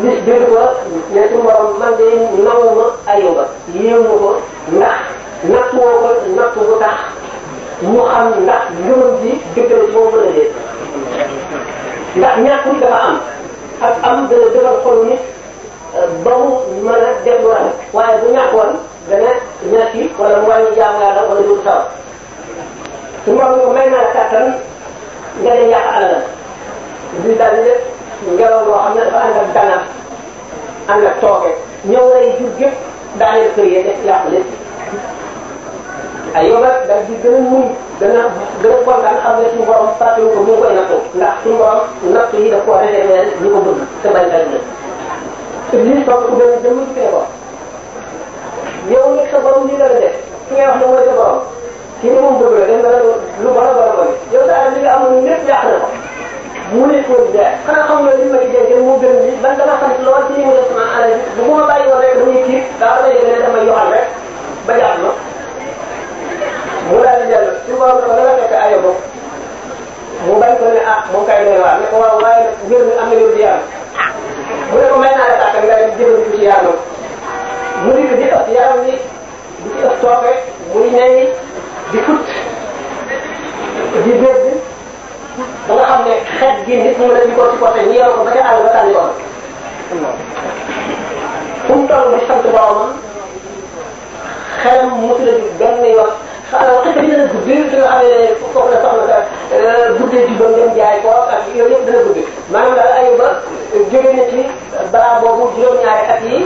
nit biir ko ne su borom man de nawu ma ayuba yéemu ko ndax natt woo ko natt bu tax mu xam ndax ngëmam ji dëgg la ci moom mën a dee ndax ñàkkul dafa am ak am dana defal xol nit euh, ba mu mën a def lu rafet waaye bu ñàkkoon dana ñàkki wala mu wàññi jaamu yàlla wala du saw su borom ko may naa la kàttan nga dem yàq alalam di daal ngelaw loo xam ne dafa ànd ak gànnaar ànd ak tooke ñëw rey jur gépp daaneel kër yee def yàq lépp ay yow nag daal di gën a muñ gën a gën a kontaan xam ne suñu borom fàttali ko mu ngi koy nattoo ndax suñu borom natt yi daf koo réservé ñu ko bëgg te bañ bañ la te lii toog ku gën a jëmm ci ko yow nag sa borom lii la la def ki ngay wax ne mooy sa borom kii ni moom bëgg la dem nga lu bon a bon a bon yow daal li nga amoon lépp yàq na ko mu ne ko jaay xanaa xam nga li may jaay moo gën ni man dama xam lool ci li mu def sama alal bi bu ma bàyyi woon rek dañuy kii daa war a yëg ne dama yoxal rek ba jàpp ma mu daal di jàll su boobaa dama dama fekk ayo bopp mu bañ ko ne ah moom kay doy waar ne ko waaw waaye nag wér na am na wér di yaram mu ne ko may naa la tàkk nga dem jëfandiku ci yaramam mu di di ëpp yaram bi di ci ëpp tooke muy ñay di kut di dégg ba nga xam ne xeet gi nit ñi dañu ko supporté ñu yor ko ba ca àll ba tànn yoon. fu mu toll di sant boromam xelam mosu la jug benn yoon xanaa xëy na dina guddi li nga xam ne foofu la soxla sa euh, guddee ji doon dem jaay ko ak yooyu yëpp dina guddi maanaam daal ayuba jóge na ci balaa boobu juróom-ñaari at yi.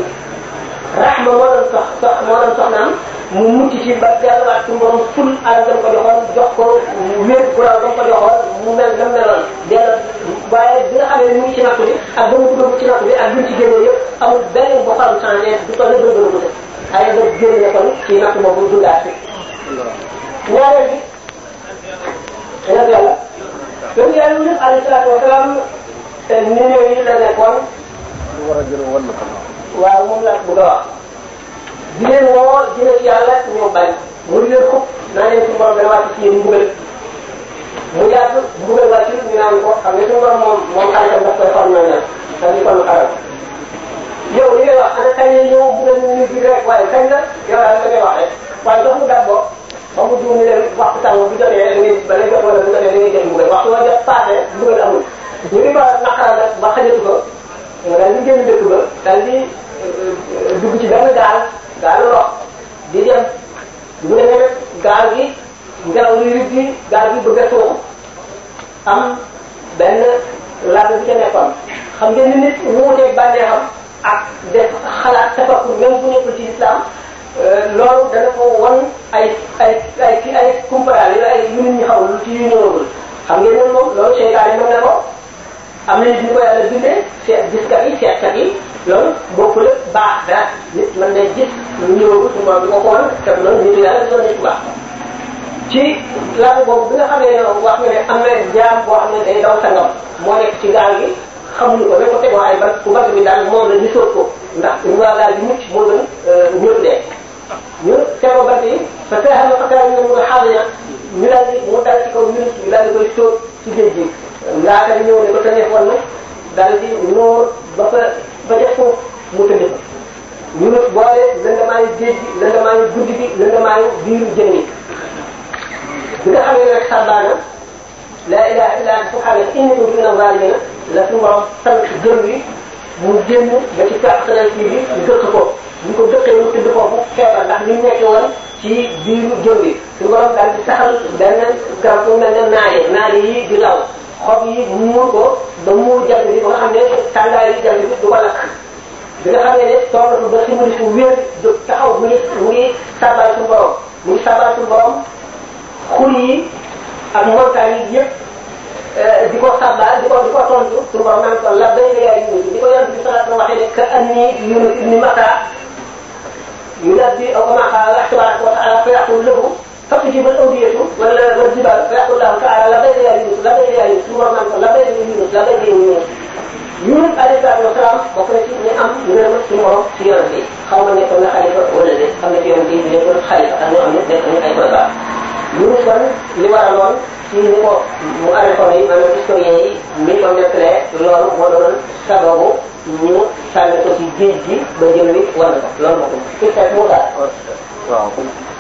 rahma moo doon sox sox moo doon soxnaam mu mucc ci ba delluwaat suñu borom ful alal da ko jox ko wér kuraaw ko mu mel na meloon delloo waaye bi nga xamee mu ngi ci nattu bi ak ba mu dugg ci nattu bi ak bu xolam changé du toll gën gën a gudd ay nga génne kon ñaareel bi dina yàlla donc yàlla mu def alayhi salaatu wa salaam néew la nekkoon war waaw moom laa bëgg a wax di leen woo di leen yàlla ñoo bañ mu di leen xub naa leen suñu borom dana wàcc ci yéen mbugal mu yaatu mbugal wàcc ñu naan ko xam ne suñu borom moom moom xaritam daf koy xol ñoo ñaan dañu xol xaram yow li ngay wax ana kañ la ñëw mbugal ñu ñu biir rek waaye kañ la yow daal la ngay wax rek waaye dox mu gàbboo ba mu dugg ni leen waxtu tàng bu jotee da ngay ba lay jot wala bu jotee da ngay jël mbugal waxtu wa jot passé mbugal amul ñu ngi ko naqaral ba xajatu ko mu daal di génn dëkk ba daal di dugg ci benn gaal gaalu rox di dem bu demee nag gaal gi ngelaw li rib bi gaal gi bëgg a tuux am benn laaj bi ca nekkoon xam ngeen ni nit wuuteeg bànneexam ak def xalaat tafakur même bu nekkul ci islam euh, loolu dana ko won ay ay ay ay kumparaal yu nit ñi xamul ci yu ñëwagul xam ngeen ne loolu seytaan yi mën ko. am na nit ñu ko yàlla bindee seet giskat yi seetkat yi loolu bokkul ak baax dara nit mën na gis lu ñëwagul su ma bi ko xool te loolu nit yàlla doon nit baax ci laaj boobu nga xam xam ne day daw sangam moo nekk ci gaal gi xamuñu ko dañ ko tegoo ay bant bu bant bi daal moom la gisoon ko ndax waa gaal bi mucc moo gën euh, ñëw dee ñu tegoo bant yi fa na fa kaay ñu ne mu ñu daal di mu ci kaw ñun ñu daal di koy sóor ci géej gi laata ñëw ne lu tëjee woon nag daal di ba ba ca mu tëjee fa. ñu ne boole lëndamaayu géej gi lëndamaayu guddi gi lëndamaayu biiru jën yi bi nga xam ne nag sabbaana laa ilaha ci kàpp jën wi suñu borom daal saxal benn garab bu naaje naaje yi di law xob yi muur ko ba muur jant bi ba nga xam ne tàngaay yi jant bi du ko xam ne ne tool ba simili fu du taxaw mu ngi mu ngi sabal suñu mu ngi sabal suñu borom xur yi ak montagne yi euh, di ko sabal di ko di ko tontu suñu borom naan ko la bay la yaay yunus di ko yant bi salaat na waxee ne ka anni yunus ibni mata yunabbi aw kama qaala tabaraka wa taala fa yaqul فتجب الأودية ولا والجبال فيقول له تعالى لبيك يا يونس لبيك يا يونس suba naan ko لبيك يا يونس لبيك يا يونس Yunus alayhi salaatu wa salaam bokk na ci ñu am ngërëm ci morom ci yoon bi xaw ma nekkoon na xalifa wala déet xam na ci yoon bi nekkoon xalifa ak ñu am ñu nekk ñu ay doy Yunus kon li waraloon ci ni ko mu arrêté yi maanaam historien yi ni ko nekkalee loolu moo doon sababu ñu sànni ko ci géej gi ba jël wi war na ko loolu moo ko. waaw.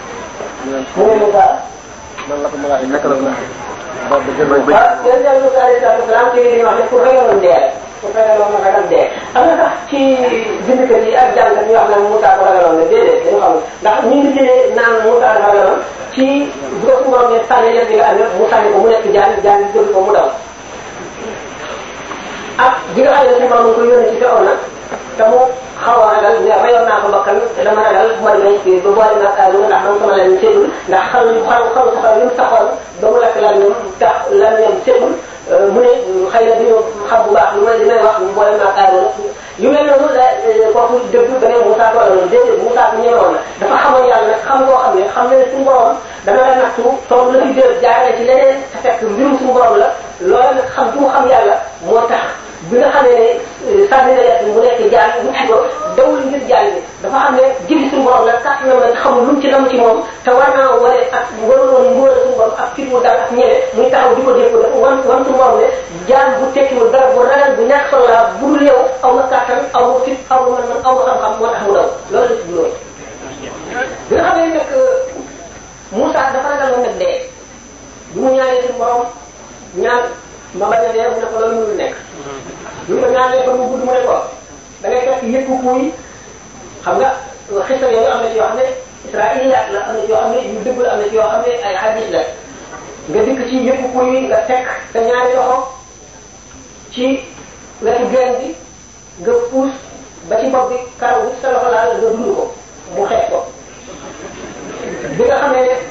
mu ngi mu gaal. man la ko mën a nekk la ko mën a. boobu da jël ba waaw jërëjëf Moussa Aliou Sow daal am li ñu wax ne ku ragaloon dee rek ku ragaloon nag ragal dee am na sax ci bindkat yi ak jàngkat ñu wax ne Moussa ko ragaloon ne déedéet dañu xamul ndax ñu ngi jëlee naan Moussa ko ragaloon ci bu ko su ma waxee sànni yëpp di nga am yëpp mu sànni ko mu nekk jaan jaan jël ko mu daw ak bi nga xam ne suñu borom ko yónnee ci Firawna te mu xaw a ragal ne rayoon naa ko bakkan te dama ragal bu ma demee ci ba boole ma kaaru ndax man sama lan seetlu ndax xaw xaw xaw xaw yu mu taxoon ba mu lakk lan ñoom tax lan ñoom seetlu euh, mu ne xëy na dina xam bu baax lu may li may wax boole ma kaaru yu mel noonu la euh, kooku dëgg ba ne Moussa ko wala déedéet Moussa bi ñëwoon na dafa xamoon yàlla nag xam ngoo xam ne xam ne suñu borom dana la nattu toog la fi jël jaarale ci leneen te fekk mbirum suñu borom la loola nag xam su mu xam yàlla moo tax bi nga xamee ne sànni na yàq mu nekk jaal mu ci ko dawul ngir jaal dafa am ne jëli suñu borom la kàttan na la xamul lu mu ci nam ci moom te war naa wane ak waroon a suñu borom mu dal taxaw di ko def dafa wan wan suñu borom ne jaal bu tekkiwul dara bu ragal bu ñàkk solo bu dul yow aw nga kàttan aw nga fit aw nga mën-mën aw nga xam-xam moo tax mu daw loolu la ci euh, mu ñaanee ma bañ a dee mu ne ko loolu mënul nekk. mu gudd mu ko da ngay yëpp kuy xam nga xisa yooyu am yoo xam ne israiliyaat yoo xam ne yu dëgg la am nga dikk ci yëpp kuy nga teg sa ñaari loxo ci wetu genn bi nga puus ba ci bopp bi karaw bi sa loxo laal nga dund ko mu xeex ko bi nga xam ne xeex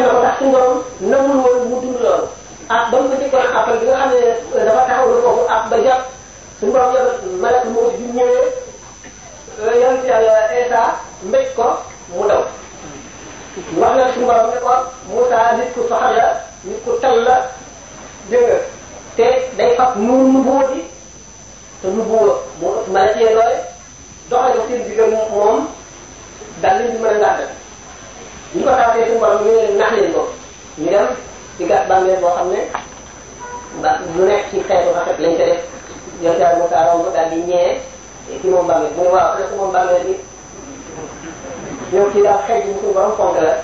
na ko ndax suñu borom namul woon mu dund loolu. ah ba mu ko njëkkoon a àppal bi nga xam ne dafa taxawlu foofu àpp ba jàpp suñu borom yabal malak moo bi ñëwee euh, yonent yàlla euh, Isa ko mu daw wax na suñu borom ne ko Moussa nit ku soxal la nit ku tal la dégg nga te day fab nuur nu bóo bi te nu bóo moo ëpp malak yee doole doxale ko seen digga moom daal lañ di mën a ngàttal ñu ko taatee suñu borom ñu ne nax leen ko ñu dem ci gas bàmmeel boo xam ne ba lu nekk ci xeetu rafet lañ ko def yow daal moo kaa romb daal di ñee ki moom bàmmeel mu ne waaw ana ko moom bàmmeel bi ñoom ci daal xeet bi suñu borom fonk la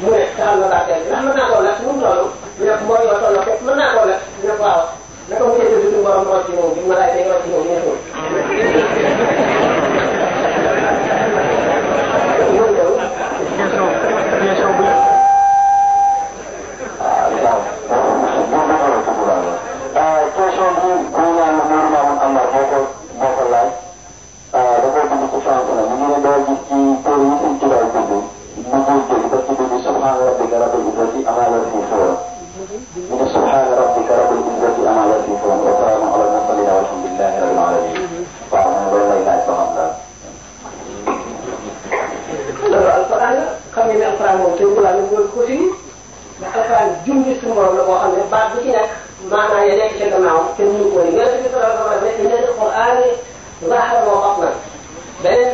mu ne taxal na bàmmeel bi ndax mën naa koo nag mu toll ñu ne ko mooy yoo toll fekk mën naa koo nag ñu ne ko waaw naka mu nekk suñu borom root ci moom bi mu laaj day root ci moom ñu ne muy jóg ba ci dugg subhaana rabbika rabbil izzati amaa yasifuun ñu ne subhaana rabbika rabbil izzati amaa yasifuun wa salaamun alal mursaliin walhamdulillaahi rabbil aalamiin waaw man loolu lay laaj ba xam daal. loolu alquran la xam ngeen ne alquran moom tey balaa ñu mën ko fi ndax alquran junj suñu borom la boo xam ne baat bu ci nekk maanaam ya nekk ca gannaaw kenn mënu ko woon yéen a ngi fi soxla ba pare mais ñu ne alquran baax na moo xam na beneen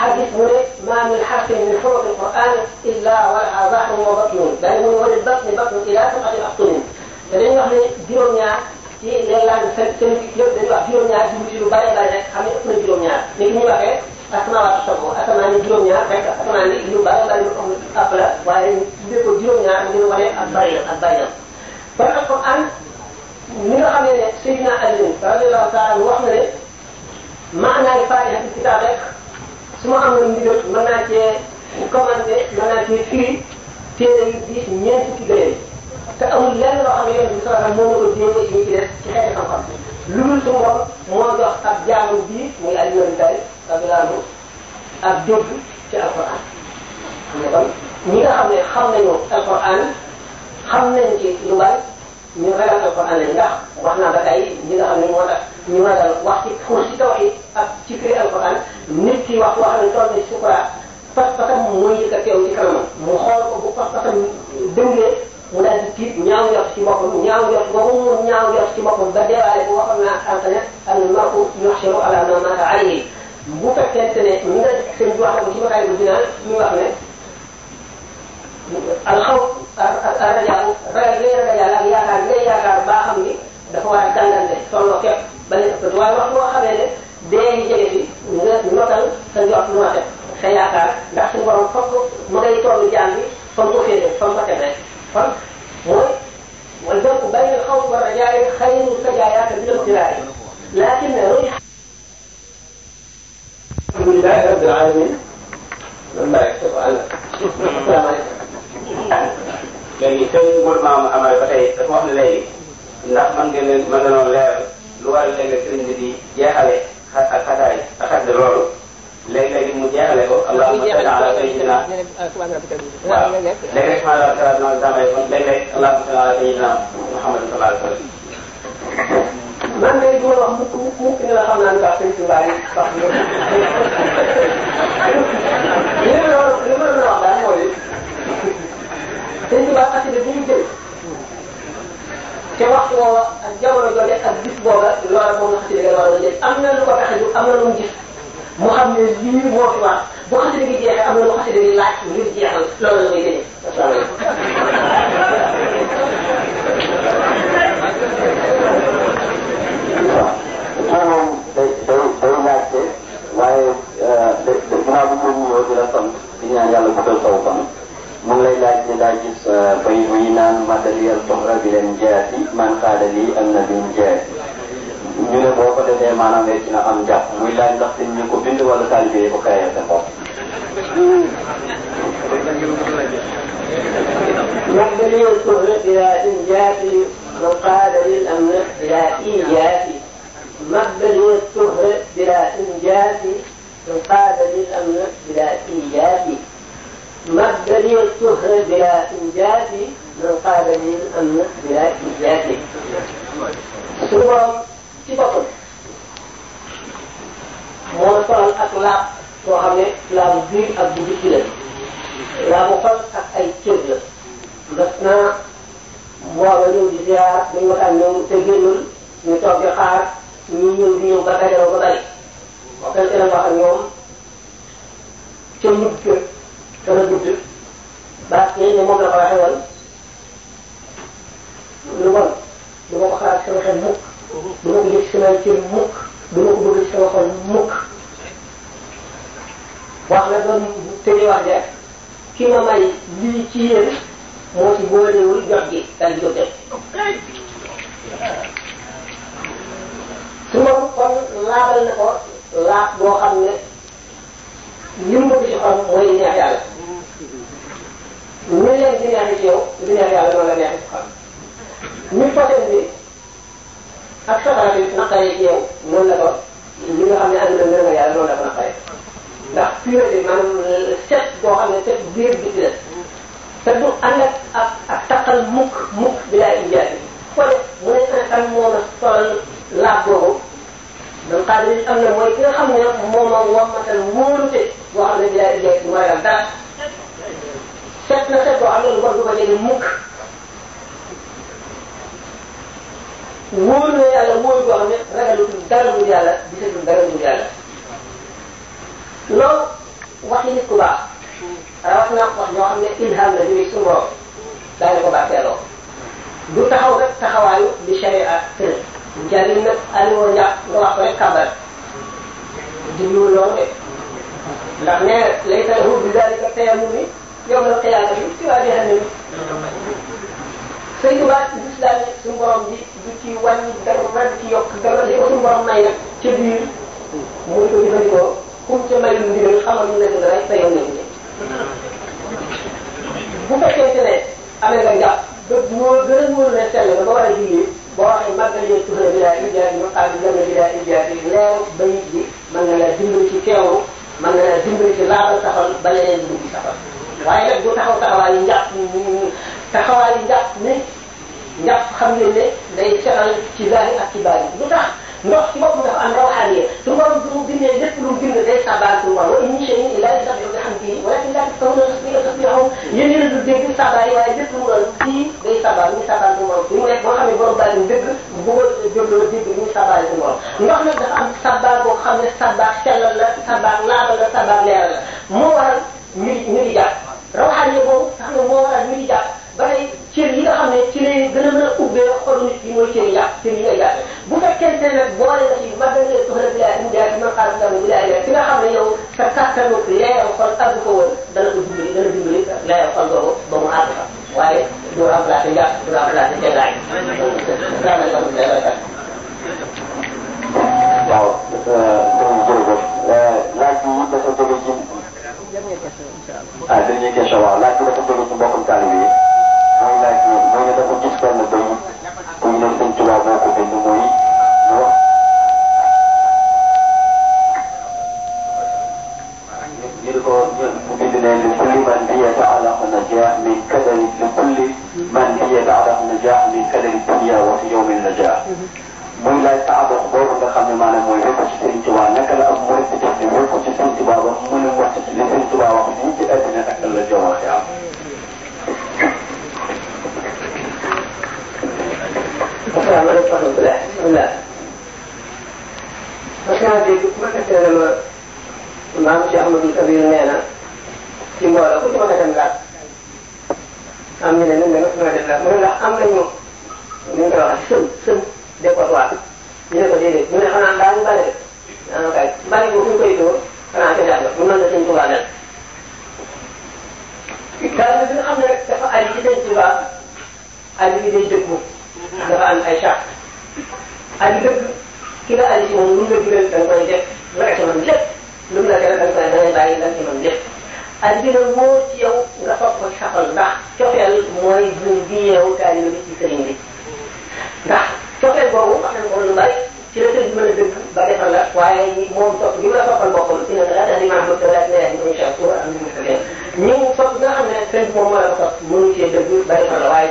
xadis mu ne maa min xarfin min xurufi alquran illa walaha zahrun wa batnun dañu mun wala batni batnun ila sabati axtunin te dañuy wax ne juróom-ñaar ci léeg-léeg seen seen yëpp dañuy wax juróom-ñaar ci lu bari bari rek xam ne ëpp na juróom-ñaar ni ki ñuy waxee asamawaatu sabu asamaan yi juróom-ñaar rek asamaan yi lu bari bari lu am àpp la waaye lépp juróom-ñaar ñu wane ak bari ak bari kon alquran ni nga xam ne ne Seydina Ali radiyallahu taala wax na ne maanaam Faatiha ci kitaab rek su ma amoon ndigal mën naa cee commandé mën naa cee firi téere yu te amul bi soxla moo ma ko jéem a indi ci des ci xeeti xam-xam lu dul su moom ab jaamu bi muy Alioune Baye radiyallahu ak dégg ci alquran xam nga kon ñi nga xam ne xam nañu alquran xam nañ ci lu bari ñu ragal alquran lañ ndax wax naa ba tey ñi nga xam ne moo tax. ñu ragal wax ci xuus ci tawhid ak ci firi alquran nit ki wax wax ne toll na ci sukuraat pas-pasam mooy yëkka teew ci kanamam mu xool ko bu pas-pasam dëngee mu daal di tiit ñaaw yox ci boppam ñaaw yox boobu ñaaw yox ci boppam ba deewaale ko waxoon naa sànq ne al mar'u yuhsharu ala ma mata alayhi bu fekkente ne ñu nga seen bi waxoon ci makaay bu dinaa ñu wax ne alxaw rajaal ragal ngay ragal yàlla ak yaakaar ngay yaakaar baa xam ni dafa war a dàngante bañ a ëppati waaye wax loo xamee ne dee ngi jege fi nga notal sa njort lu ma def sa yaakaar ndax suñu borom foog mu ngay toll jaam bi fa mu ko féete fa mu ko teg rek kon mooy wal jam'u bayna al-khawfi wa raja'i khayrun ka jaayaaka bil iqtiraari laakin alhamdulillahi rabbil alamin man bàyyi ko àlla asalaamaaleykum léegi sëñ Gourmand Amar ba tey dafa wax ne léegi ndax man ngeen mën na leer lu waral léeg-léeg sëriñ bi di jeexale xas ak xasaay ak xas de loolu léeg-léeg mu jeexale ko. allahumma salli ala sayyidina ah, waaw léeg-léeg subhaana rabbika rabbil izzati ammaa yasifuun léeg-léeg allahumma salli ala sayyidina Muhammad sallallahu alayhi wa sallam. man de du ma wax mukk mukk ni la xam naa ne waa Sëriñ Tuubaa yi sax loolu. li ma doon li ma doon wax daal mooy Sëriñ Tuubaa xasida bu mu jël. te waxtu woowa ak jamono jooju ak gis booba loola moom la xasida ga war a jël am na lu ko tax a jóg am na lu mu gis mu xam ne lii moo fi wax bu xasida gi jeexee am na lu xasida gi laaj ngir jeexal loolu la muy gënee waaw moom day day day laajte waaye euh, ginnaaw bi ñu ñëw di la sant di ñaan yàlla bu dal taw fan mu ngi lay laaj ne daa gis bay euh, buy naan matériel toxra bi leen jaati man xaada lii am na biñ jaati ñu boo ko defee maanaam rek dina am jàpp muy laaj ndax si ñu ko bind wala taalibe yi ko créé seen bopp. matériel bi laa leen jaati man xaada am na bi laa leen مبدني والسهر بلا إنجاتي من قال لي الأمن بلا إنجاتي سورة ci boppam moo solal ak laab soo xam ne laabu biir ak bu biti la laabu ak ay cër la bas naa booba ñëw di ziar dañ waxtaan te génnul ñu toog di xaar ñu ñëw di ñëw ba dajaloo ba bari waxtaan ci la wax ak ñoom ca mujj dana gudd baat yooyu ne moom la ko waxee woon du ma ko xalaat sama xel mukk du ma ko yëg sama cër mukk du ma ko bëgg ci sama wax la doon tëjee de ki ma may lii ci yéen moo ci boolewul jox gi daal di ko su ma kon laabal na ko boo xam ne li mu bëgg ci xol mooy neex yàlla ñu leen di neex ci yow li neex yàlla noonu la neex ci xol ñu foten bi ak safara bi naqaree ci yow noonu la ko li nga xam ne ànd na ngërëm yàlla noonu la ko naqaree ndax pureté maanaam set boo xam ne set biir bi ci des te du ànd ak ak ak taqal mukk mukk bi laay indiaat bi foo def mu ne ana kan moo na solal laab boobu donc xaaral am na mooy ki nga xam ne moom a wammatal wóorute boo xam ne bi laay indiaat bi mooy dara set na set boo xam ne lu bon du ko jege mukk wóor na yàlla wóor boo xam ne ragalutul dara lu yàlla gisatul dara lu yàlla loolu wax yi nit ku baax rawat wax ñoo xam ne ilham la ñuy suñu borom daane ko bàkkeeloo du taxaw rek taxawaayu di sharia tëral jàllin nag aliwoo njàpp nga wax ko rek kàmbal di loolu de ndax nee na lay talahu bi dalika tayammum yow la xiyaatami ci waa jahannami sëñ Tuba gis daal ne suñu borom bi du ci wàññi dara du ci yokk dara li ko suñu borom may nag ca biir mu ko jëfandikoo kum ca may lu ndigal xamal ñu nekk dara te yow nañu bu fekkee ne amee nga jàpp ba moo gën a wóor ne sell nga ba war a julli boo waxee màggal yooyu tudd na bidaa ijaar yi xaal la nga bidaa ijaar yi leeru bayit bi mën nga laa dimbali ci teewlu mën nga laa dimbali ci laabal saxal ba leneen dugg saxal waaye nag bu taxaw taxawaayu njàpp taxawaayu njàpp ne njàpp xam ngeen ne na setal ci zaahir ak ci baatin lu tax ndox ci boppam dafa am rawxaaniya su borom bu mu bindee lépp lu mu bind day sabal su borom wa in min shay'in illaa yusabbihu bihamdihi walakin laa tafqahuuna tasbiihahum yéen yéen du dégg sabal yi waaye lépp lu mu doon fii day sabal muy sabal su borom bi mu nekk boo xam ne borom baa ngi dëgg bu ko dégloo dégg muy sabal su borom ndox nag dafa am sabal boo xam ne sabal sellal la sabal laabal la sabal leeral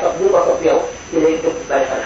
topp bu ñu ko topp yow ñu lay dëpp bàyyi xel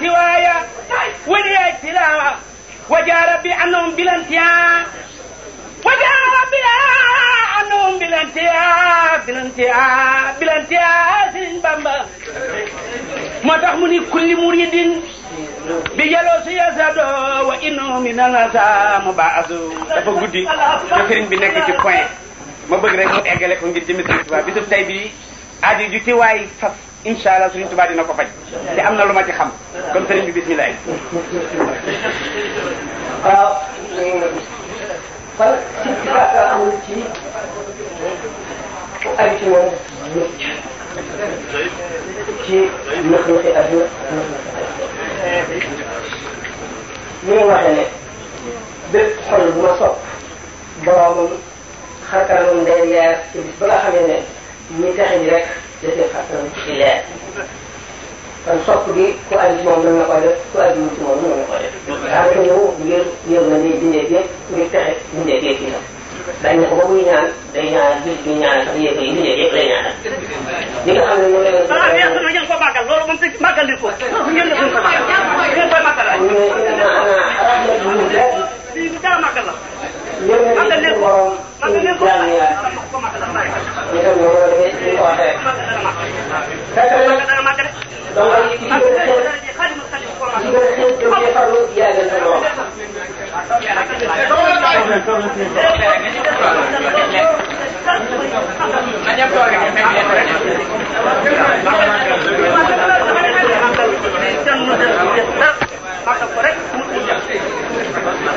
سواي ولي تلاوة وجاء ربي أنهم بلا انتهاء وجاء ربي أنهم بلا انتهاء بلا انتهاء بلا انتهاء سين بامبا ما تخمني كل مريد bijalo si yasa do wa inno mi nana sa mu ba asu dafa guddi te sëriñ bi nekk ci point ma bëgg rek mu eggale ko ngir jëmi sëriñ Tuubaa bisub tay bi aji ju ci waay fas incha allah suñu tubaab dina ko faj am na lu ma xam kon bi bismillah waaw kon sikki sàkka amul ci ku ay ci moom mucc ci nëx nëxi adduna nëx nëxi adduna waxee ne bépp xol bu ma sopp boromam xarkanam day dafay xasal ci leer kon sopp gi ku aju moom mën na koy def ku aju ci moom mën na koy def. daanaka ñëw ngir yëg na ni bindee géej ngir pexe bindee géej gi dañ ne ko ba muy ñaan day ñaan gis bi ñaan sax yéeg yi bindee géej lay ñaanal. li nga xam ne moom la. ah mais askan wi ngeen ko màggal loolu moom tëj màggal leen ko. loolu ngeen defoon ko màggal. ngeen koy màggal. ñu ne ñu ne maanaam rafet bi ñu def. lii lu dara màggal la. njëriñ la ci suñu borom suñu jaam yi laaj ñu dem loolu dafay ñu ko waxee. fekk na nag donc ci gën a xëy ci gën a xëy jëm ci farlu yàggal sa borom. Thank you.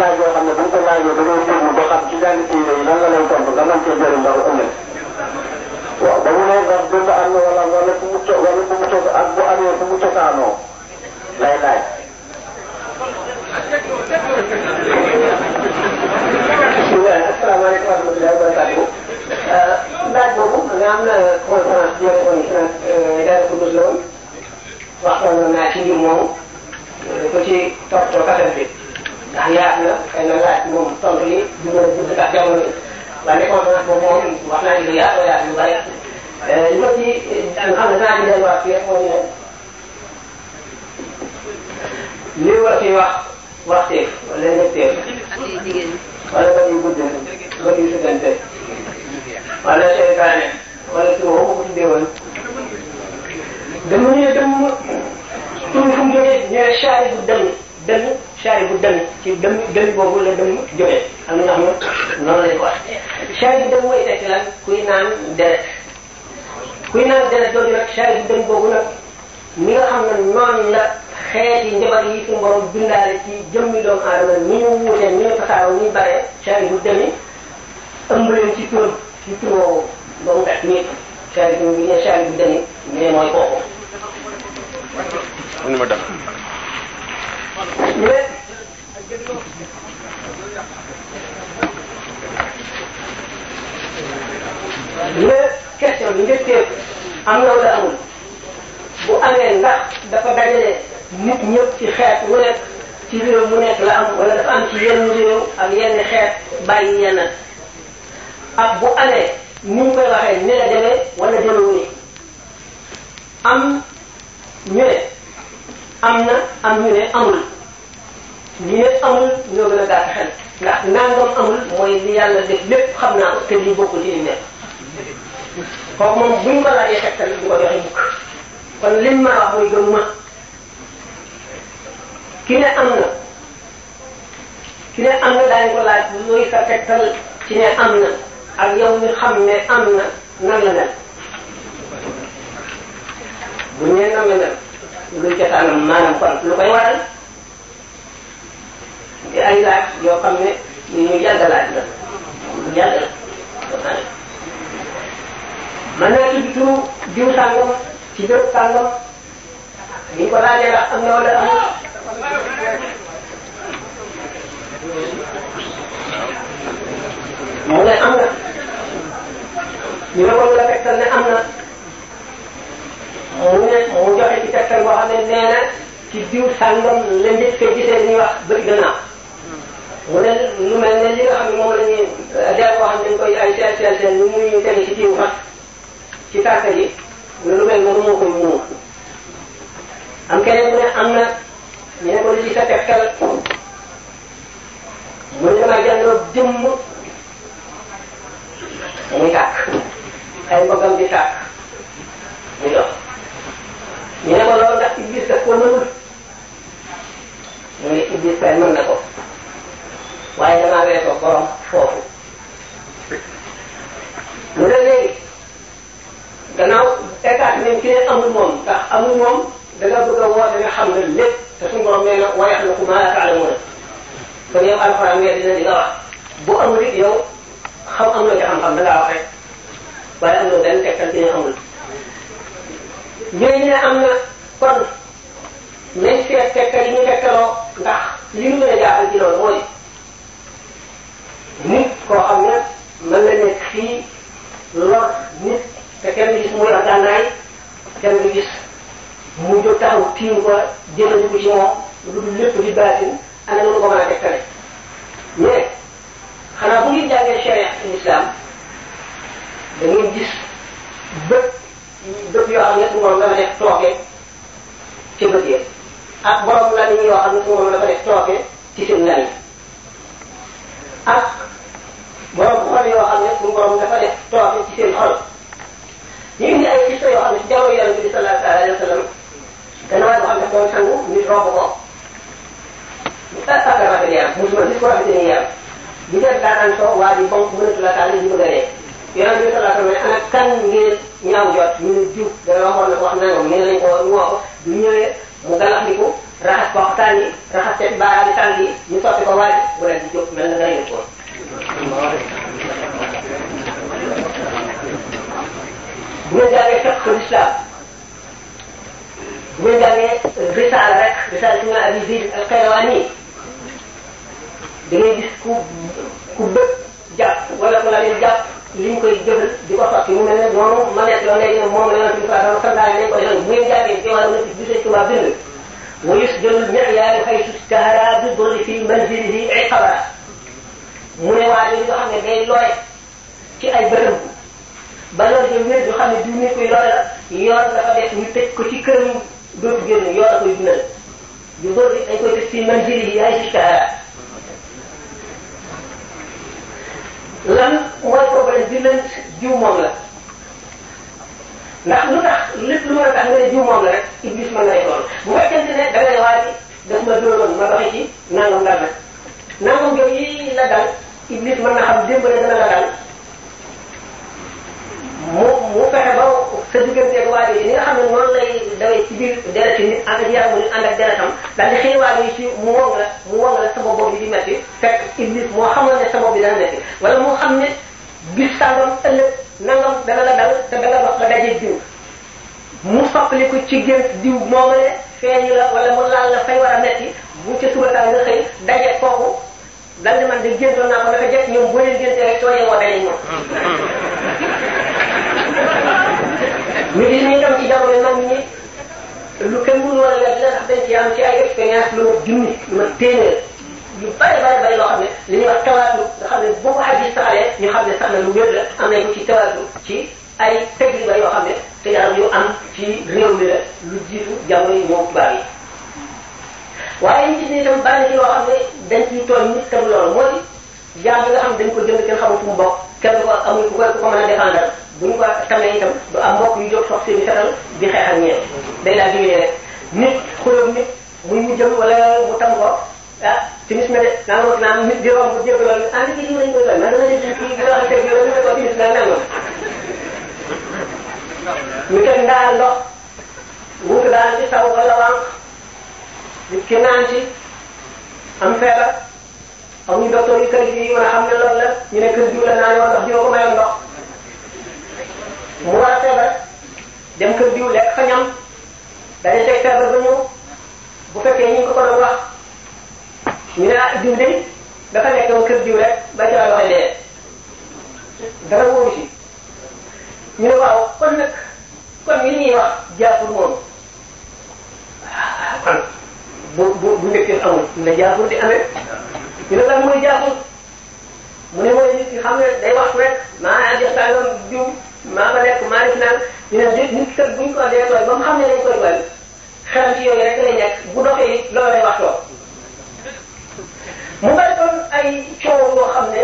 laaj yoo xam ne bu ñu ko laajee da ngay déglu ba xam ci jàng téere yi nan la lay tontu nga mën ba mu ne ndax dund am na wala wala fu mu co wala fu mu co ak bu amee fu mu lay laaj. asalaamaaleykum wa rahmatulah wa barakatuh laaj na conférence bi yore ko dus la woon waxtaan naa ndax yaat na xëy na laaj moom tontu li du mën a gudd ak jamono yi waaye conférence boobu moom wax naa ni lu yaatoo yaat lu bari li ma ci nga xam ne naa ci delluwaat fii rek moo ñu ne li war fi wax wax teef wala nekk teef wala ba ñuy gudd ba ñuy sëggante wala seytaane wala ci waxu ko tuddee woon dama ñëw dem tur fu mu jógee ñu ne chaari bu dem dem chaari bu dem ci dem dem la dem jógee am na ñoo xam ne noonu bu dem mooy kuy naan deret kuy naan deret nag mi nga xam ne noonu la xeeti njabar yi suñu borom bindaale ci jëmmi doomu aadama ni ñu wuute ni ñu bare chaari bu dem yi ëmb leen ci tur ci tur bu ñu ne mooy kooku. mais mais question bi njëkkee am na wala amul bu amee ndax dafa dajale nit ñëpp ci xeet mu nekk ci réew mu nekk la am wala dafa am ci yenn réew ak yenn xeet bàyyi yenn ak bu amee ni ñu koy waxee ni la demee wala demee am ñu am na am ñu ne amul ñu ne amul ñoo gën a xel ndax nangam amul mooy li yàlla def lépp xam naa ko te lii bokkul ci li nekk kooku moom buñ ma laajee tegtal ko joxe mukk kon liñ ma wax mooy gëm ma ki ne am na ki ne am na daañu ko laaj looy sa tegtal ci ne am na ak yow mi xam ne am na nan la mel buñ lu dul cosaanam maanaam kon lu koy waral di ay laaj yoo xam ne ñu ñu yàgg laaj la ñu yàgg la mën naa tudd turu diw sàngam ci béréb sàngam ñu ko laajee ndax am na wala amul mu ne am na ñu ne ko la fekkal ne am na mu ne mu joxe ci tegtal boo xam ne nee na ci diw sàngam la njëkk a gisee ñuy wax bëri gannaaw mu ne lu mel ne li nga xam ne moom euh, ne ci tiiw fas ci sàkka mu ne mu ne am na ñu ne muy tàkk ay mbagam di tàkk muy dox ñu ne ma loolu ndax Iblis daf ko mënul mu ne Iblis kay mën na ko waaye damaa weesoo borom foofu mu ne léegi gannaaw écart nañ ci ne amul moom ndax amul moom da nga bëgg a woo da nga xam ne lépp te suñu borom nee na waaye xam na ku maa taalamuuna kon yow alxuraan ngeen dina di nga wax bu amul it yow xam am na ci xam-xam da ngaa wax rek waaye amul benn tegtal ci ne amul. ñooñu ne am na kon nañ seet tegtal yi ñu tegtaloo ndax li ñu mën a jaaxal ci loolu mooy nit koo xam ne mën na fii lor nit te kenn du gis mu yor gànnaay kenn du gis mu jóg taxaw tiim ko jëfandiku ci moom lu dul lépp di baatin ana mënu ko mën a tegtale mais xanaa bu ngeen jàngee charia ci islam da ngeen bët bët yoo xam ne su moom la ma def tooke ci bët yi ak borom la yoo xam ne su moom la ma def tooke ci seen lal ak borom dafa def tooke ci seen xol ñu indi ay gis yoo xam ne si jamono yonent bi sallallahu alayhi wa sallam gannaaw boo xam ne doon sangu nit ko mu tas sàkk rafet yaram musuma nit ko rafetee yaram ñu def daanaan soo waa ji bon mënatu la taal ñu bëgg a yonent bi sallallahu alayhi kan ngeen ñaaw jot ñu ne diw dana waxoon na wax ko ñu woo ko du ñëwee mu galaxndiku raxas ko xataan yi raxas seen baaraami tànk yi ñu sotti ko waaj bu leen di jóg mel na ngay ko bu ngeen jàngee fiqh l'islam bu ngeen jàngee li mu koy jëfal di ko sotti mu mel ne noonu ma nekk loolu léegi nag moom la yonent bi sallallahu alayhi wasallam santaane nañ koy doon bu ngeen jàngee ci wàllu nit bi sëñ Tuubaa bind wa yusjadul mi'yaar haythu ishtahara bi durri fi manzilihi iqaba mu ne waa ji nga xam ne day looy ci ay bërëb ba loolu ñu wér ñu xam ne du nit kuy looy la yoon dafa def ñu tëj ko ci këram dootu génn yoon a koy dundal bi durri dañ koy tëj fi manzilihi haythu ishtahara lan mooy problème jiw moom la ndax lu tax lu mën a nga ne jiw moom la rek iblis mën na lay doon bu fekkente ne ne waa ji daf ma dóoroon ma doxee ci nangam dal nag nangam yooyu la dal iblis mën na xam démb ne dana la dal mu mu fexe ba sa digganteeg waajo yi ni nga xam ne noonu lay dawee ci biir deret yi di xëy waajo yi ci mu wong mu wong la sa bopp bi di metti fekk iblis moo xamoon ne sa bopp bi dana metti wala moo xam ne bis sàngam ëllëg nangam dana la dal te ba daje diw mu soppali ci gént diw moomale feeñu la wala mu laal la fay war a metti bu ca suba taal nga xëy daje kooku dal di man de géntoon naa ko naka jekk ñoom boo leen géntee rek soo yeewoo dalee ñoom. ñu ngi nii tam ci jamono mag ñi lu kenn mënu woon ya dina tax dañ ci am ci ay expérience lu ma junni lu ma téeméer yu bare bare bare loo xam ne li ñuy wax tawaatu nga xam ne boo ko xadis saxalee ñu xam ne sax na lu wér la am nañ ko ci tawaatu ci ay technique yoo xam ne te yàlla ñu am ci réew mi lu jiitu jamono yi ñoom tubaab waaye ñu gis ne itam bari loo xam ne dañ ciy tooñ nit tam loolu mooy jaam bi nga xam dañ ko jënd kenn xamul fu mu bokk kenn ko amul ku ko mën a défendre bu am mbokk yu jóg sox seen i fetal di xeex ak ñeneen day laa nit xulóom nit muy mu jëm wala mu tam ko timis ah na de naa ma naan nit di romb jégg loolu ah nit yi lañ koy doon man dama ne kii bi wax dëgg yow dañu ko timis na nangam ñu teg ndaal ndox wuute daal di taw wala wànq nit ki naan ci am feebar amuñu docteur yu qualifié yi mën a xam ne loolu ñu ne kër diw la naan yoon ndox diwa ko mu war a dem kër diw lekk fa ñam dañu teg feebar ba ñëw bu fekkee ñu ngi ko ko doon wax ñu ne ah diw de dafa nekk kër diw rek ba ci la waxee dee dara wóoru ci ñu ne waaw kon nag kon li ñuy wax jàppul moom ah, kon bu bu bu ndëkkeel amul ñu ne jaaxul di amee ñu ne lan mooy jaaxul mu ne mooy nit ki xam ne day wax rek maa jox saa yoon jiw maa ma nekk maa def naan ñu ne nit ki kat bu ñu ko dee tooy ba mu xam ne dañ koy tooy xelam ci yooyu rek lay nekk bu doxee it loolu lay wax lool. mu bari kon ay coow loo xam ne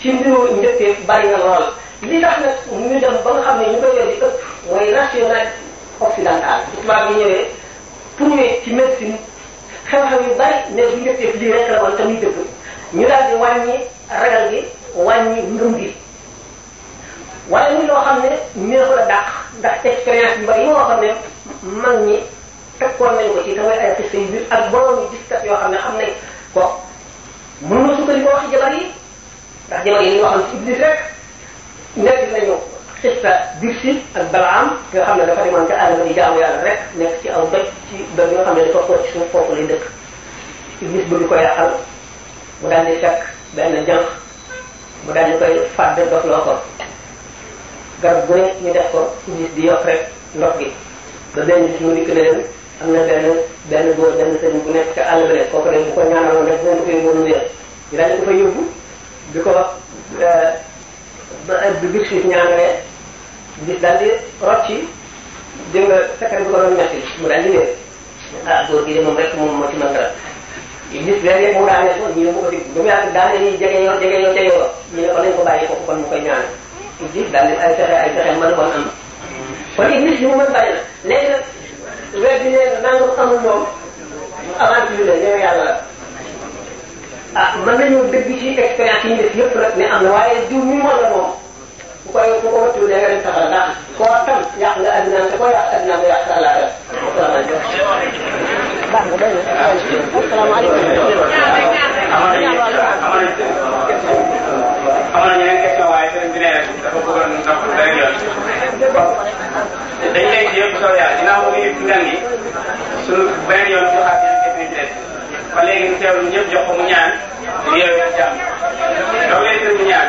ci mbiru njëkkee bari na lool li tax nag ñu dem ba nga xam ne ñu koy yor di ëpp mooy national occidental tubaab yi ñëwee. trouvé ci médecine xam-xam yu bari mais bu def lii rek la woon te muy ñu daal di wàññi ragal gi wàññi ngëm gi waaye muy loo xam ne neexu la dàq ndax expérience yu bari yoo xam ne mag ñi fekkoon nañu ko ci damay ay xiste yu biir yoo xam ne am nañ ko mën na sukkandikoo wax jabar yi ndax jabar yi li ñu waxoon ci iblis rek nekk nañu Sitta biir si ak Balaam yoo xam ne dafa demoon ca àll ba di jaamu yàlla rek nekk ci aw doj ci doj yoo xam ne dafa xool ci suuf foofu lay dëkk Iblis bëgg ko yàqal mu daal di fekk benn jànq mu daal di koy ko garab bu ne yokk rek ndox gi ba benn bis mu dikk ne leen am na benn benn góor benn sëriñ bu nekk ca àll ba de kooku dañ ko ñaanaloon rek dinañ ko koy mën a wéer ñu daal di ko fa yóbbu di ko eh, ba biir si ñaanalee nit daal di rot ci dégg nga secret bu ko mu daal di wéer ah góor gi de moom rek moom moo ci mën dara nit léeg-léeg mu daanee ko ñu ne mu ko dig ba mu yàgg daane ni jege yoo jege yoo ca yoo ñu ne ko nañ ko bàyyi kooku kon mu koy ñaan di daal di ay fexe ay fexe mën kon am kon iblis li mu mën bàyyi na léegi nag weer bi nee nangam amul moom mu aventure la yow yàlla la ah mën nañu dëgg ci expérience yi ñu def yëpp nag ne am na waaye diw mi moom la moom bu koy bu ko wattu da nga dem safara ndax koo tam yàq nga adduna te koo yàq adduna nga yàq sa àllaaxira amoon na ñeneen question waaye sëriñ bi nee rek dafa bëggoon ndax dara yoon dañ lay jéem soo yaa dinaa bëgg yëpp ngan gi suñu benn yoon ñu xaar yeneen question ci des ba léegi ñu teewlu ñëpp jox ko mu ñaan ñu yeewee jàmm donc léegi sëriñ bi ñaan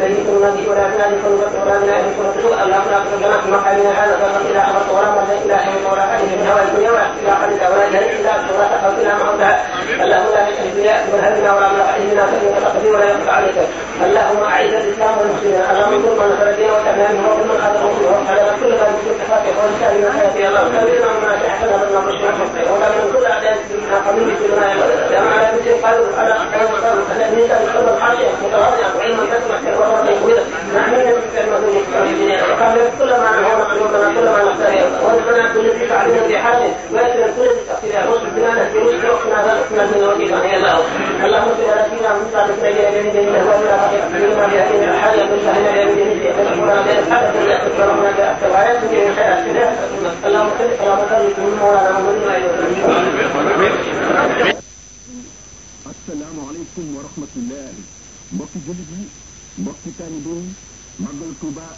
بيت النبي ولا تنادي فنفت ولا تنادي فنفت ولا تنادي فنفت مقع من هذا فقط إلى أمرت ولا مرد إلى حمد ولا حديث من هوى الدنيا ولا إلى حديث ولا إلى إلا ولا تخاف إلى معدها اللهم لا تشرك بنا وهبنا ولا من أحدنا فإنك تقضي ولا يقضى عليك اللهم أعز الإسلام والمسلمين اللهم انصر من نصر الدين وتعنا من موت من خلق وعلى كل ما يسلك فاتح والسائل من حياتي اللهم كبيرنا مما تحسن من نقش نحسن ولا من كل أعداء سيدنا قبل سيدنا يا من على مثل قلب على قلب قلب أن أنت القلب الحاشية متواضعا وعلما تسمع waxoon nañ ko fi def ndax ñu ne seen wax nañu ñu ne xam nga ku la maanaam wax yow maanaam ku la maanaam sa yow wax dëgg maanaam ku la si faa dina fi xaarale waaye dina ku la si tax si daal wax dina def yow si wax naa la wax naa dina wax naa yàlla aw allah mu tudd ala fii naa mu saa def nag yéen dañu dañu def wala la wax yow ñu ma yaa ñu ne xaar yow ñu sax na yéen dañu def wala mu naa def xaar yow ñu def wala mu naa def waaye su ngeen xëy ak si def allah mu tudd ala ma xam ne mu moo laa mu naa yow asalaamaaleykum wa rahmatullah mbokki jullit yi mbokki taalibe màggal Tuuba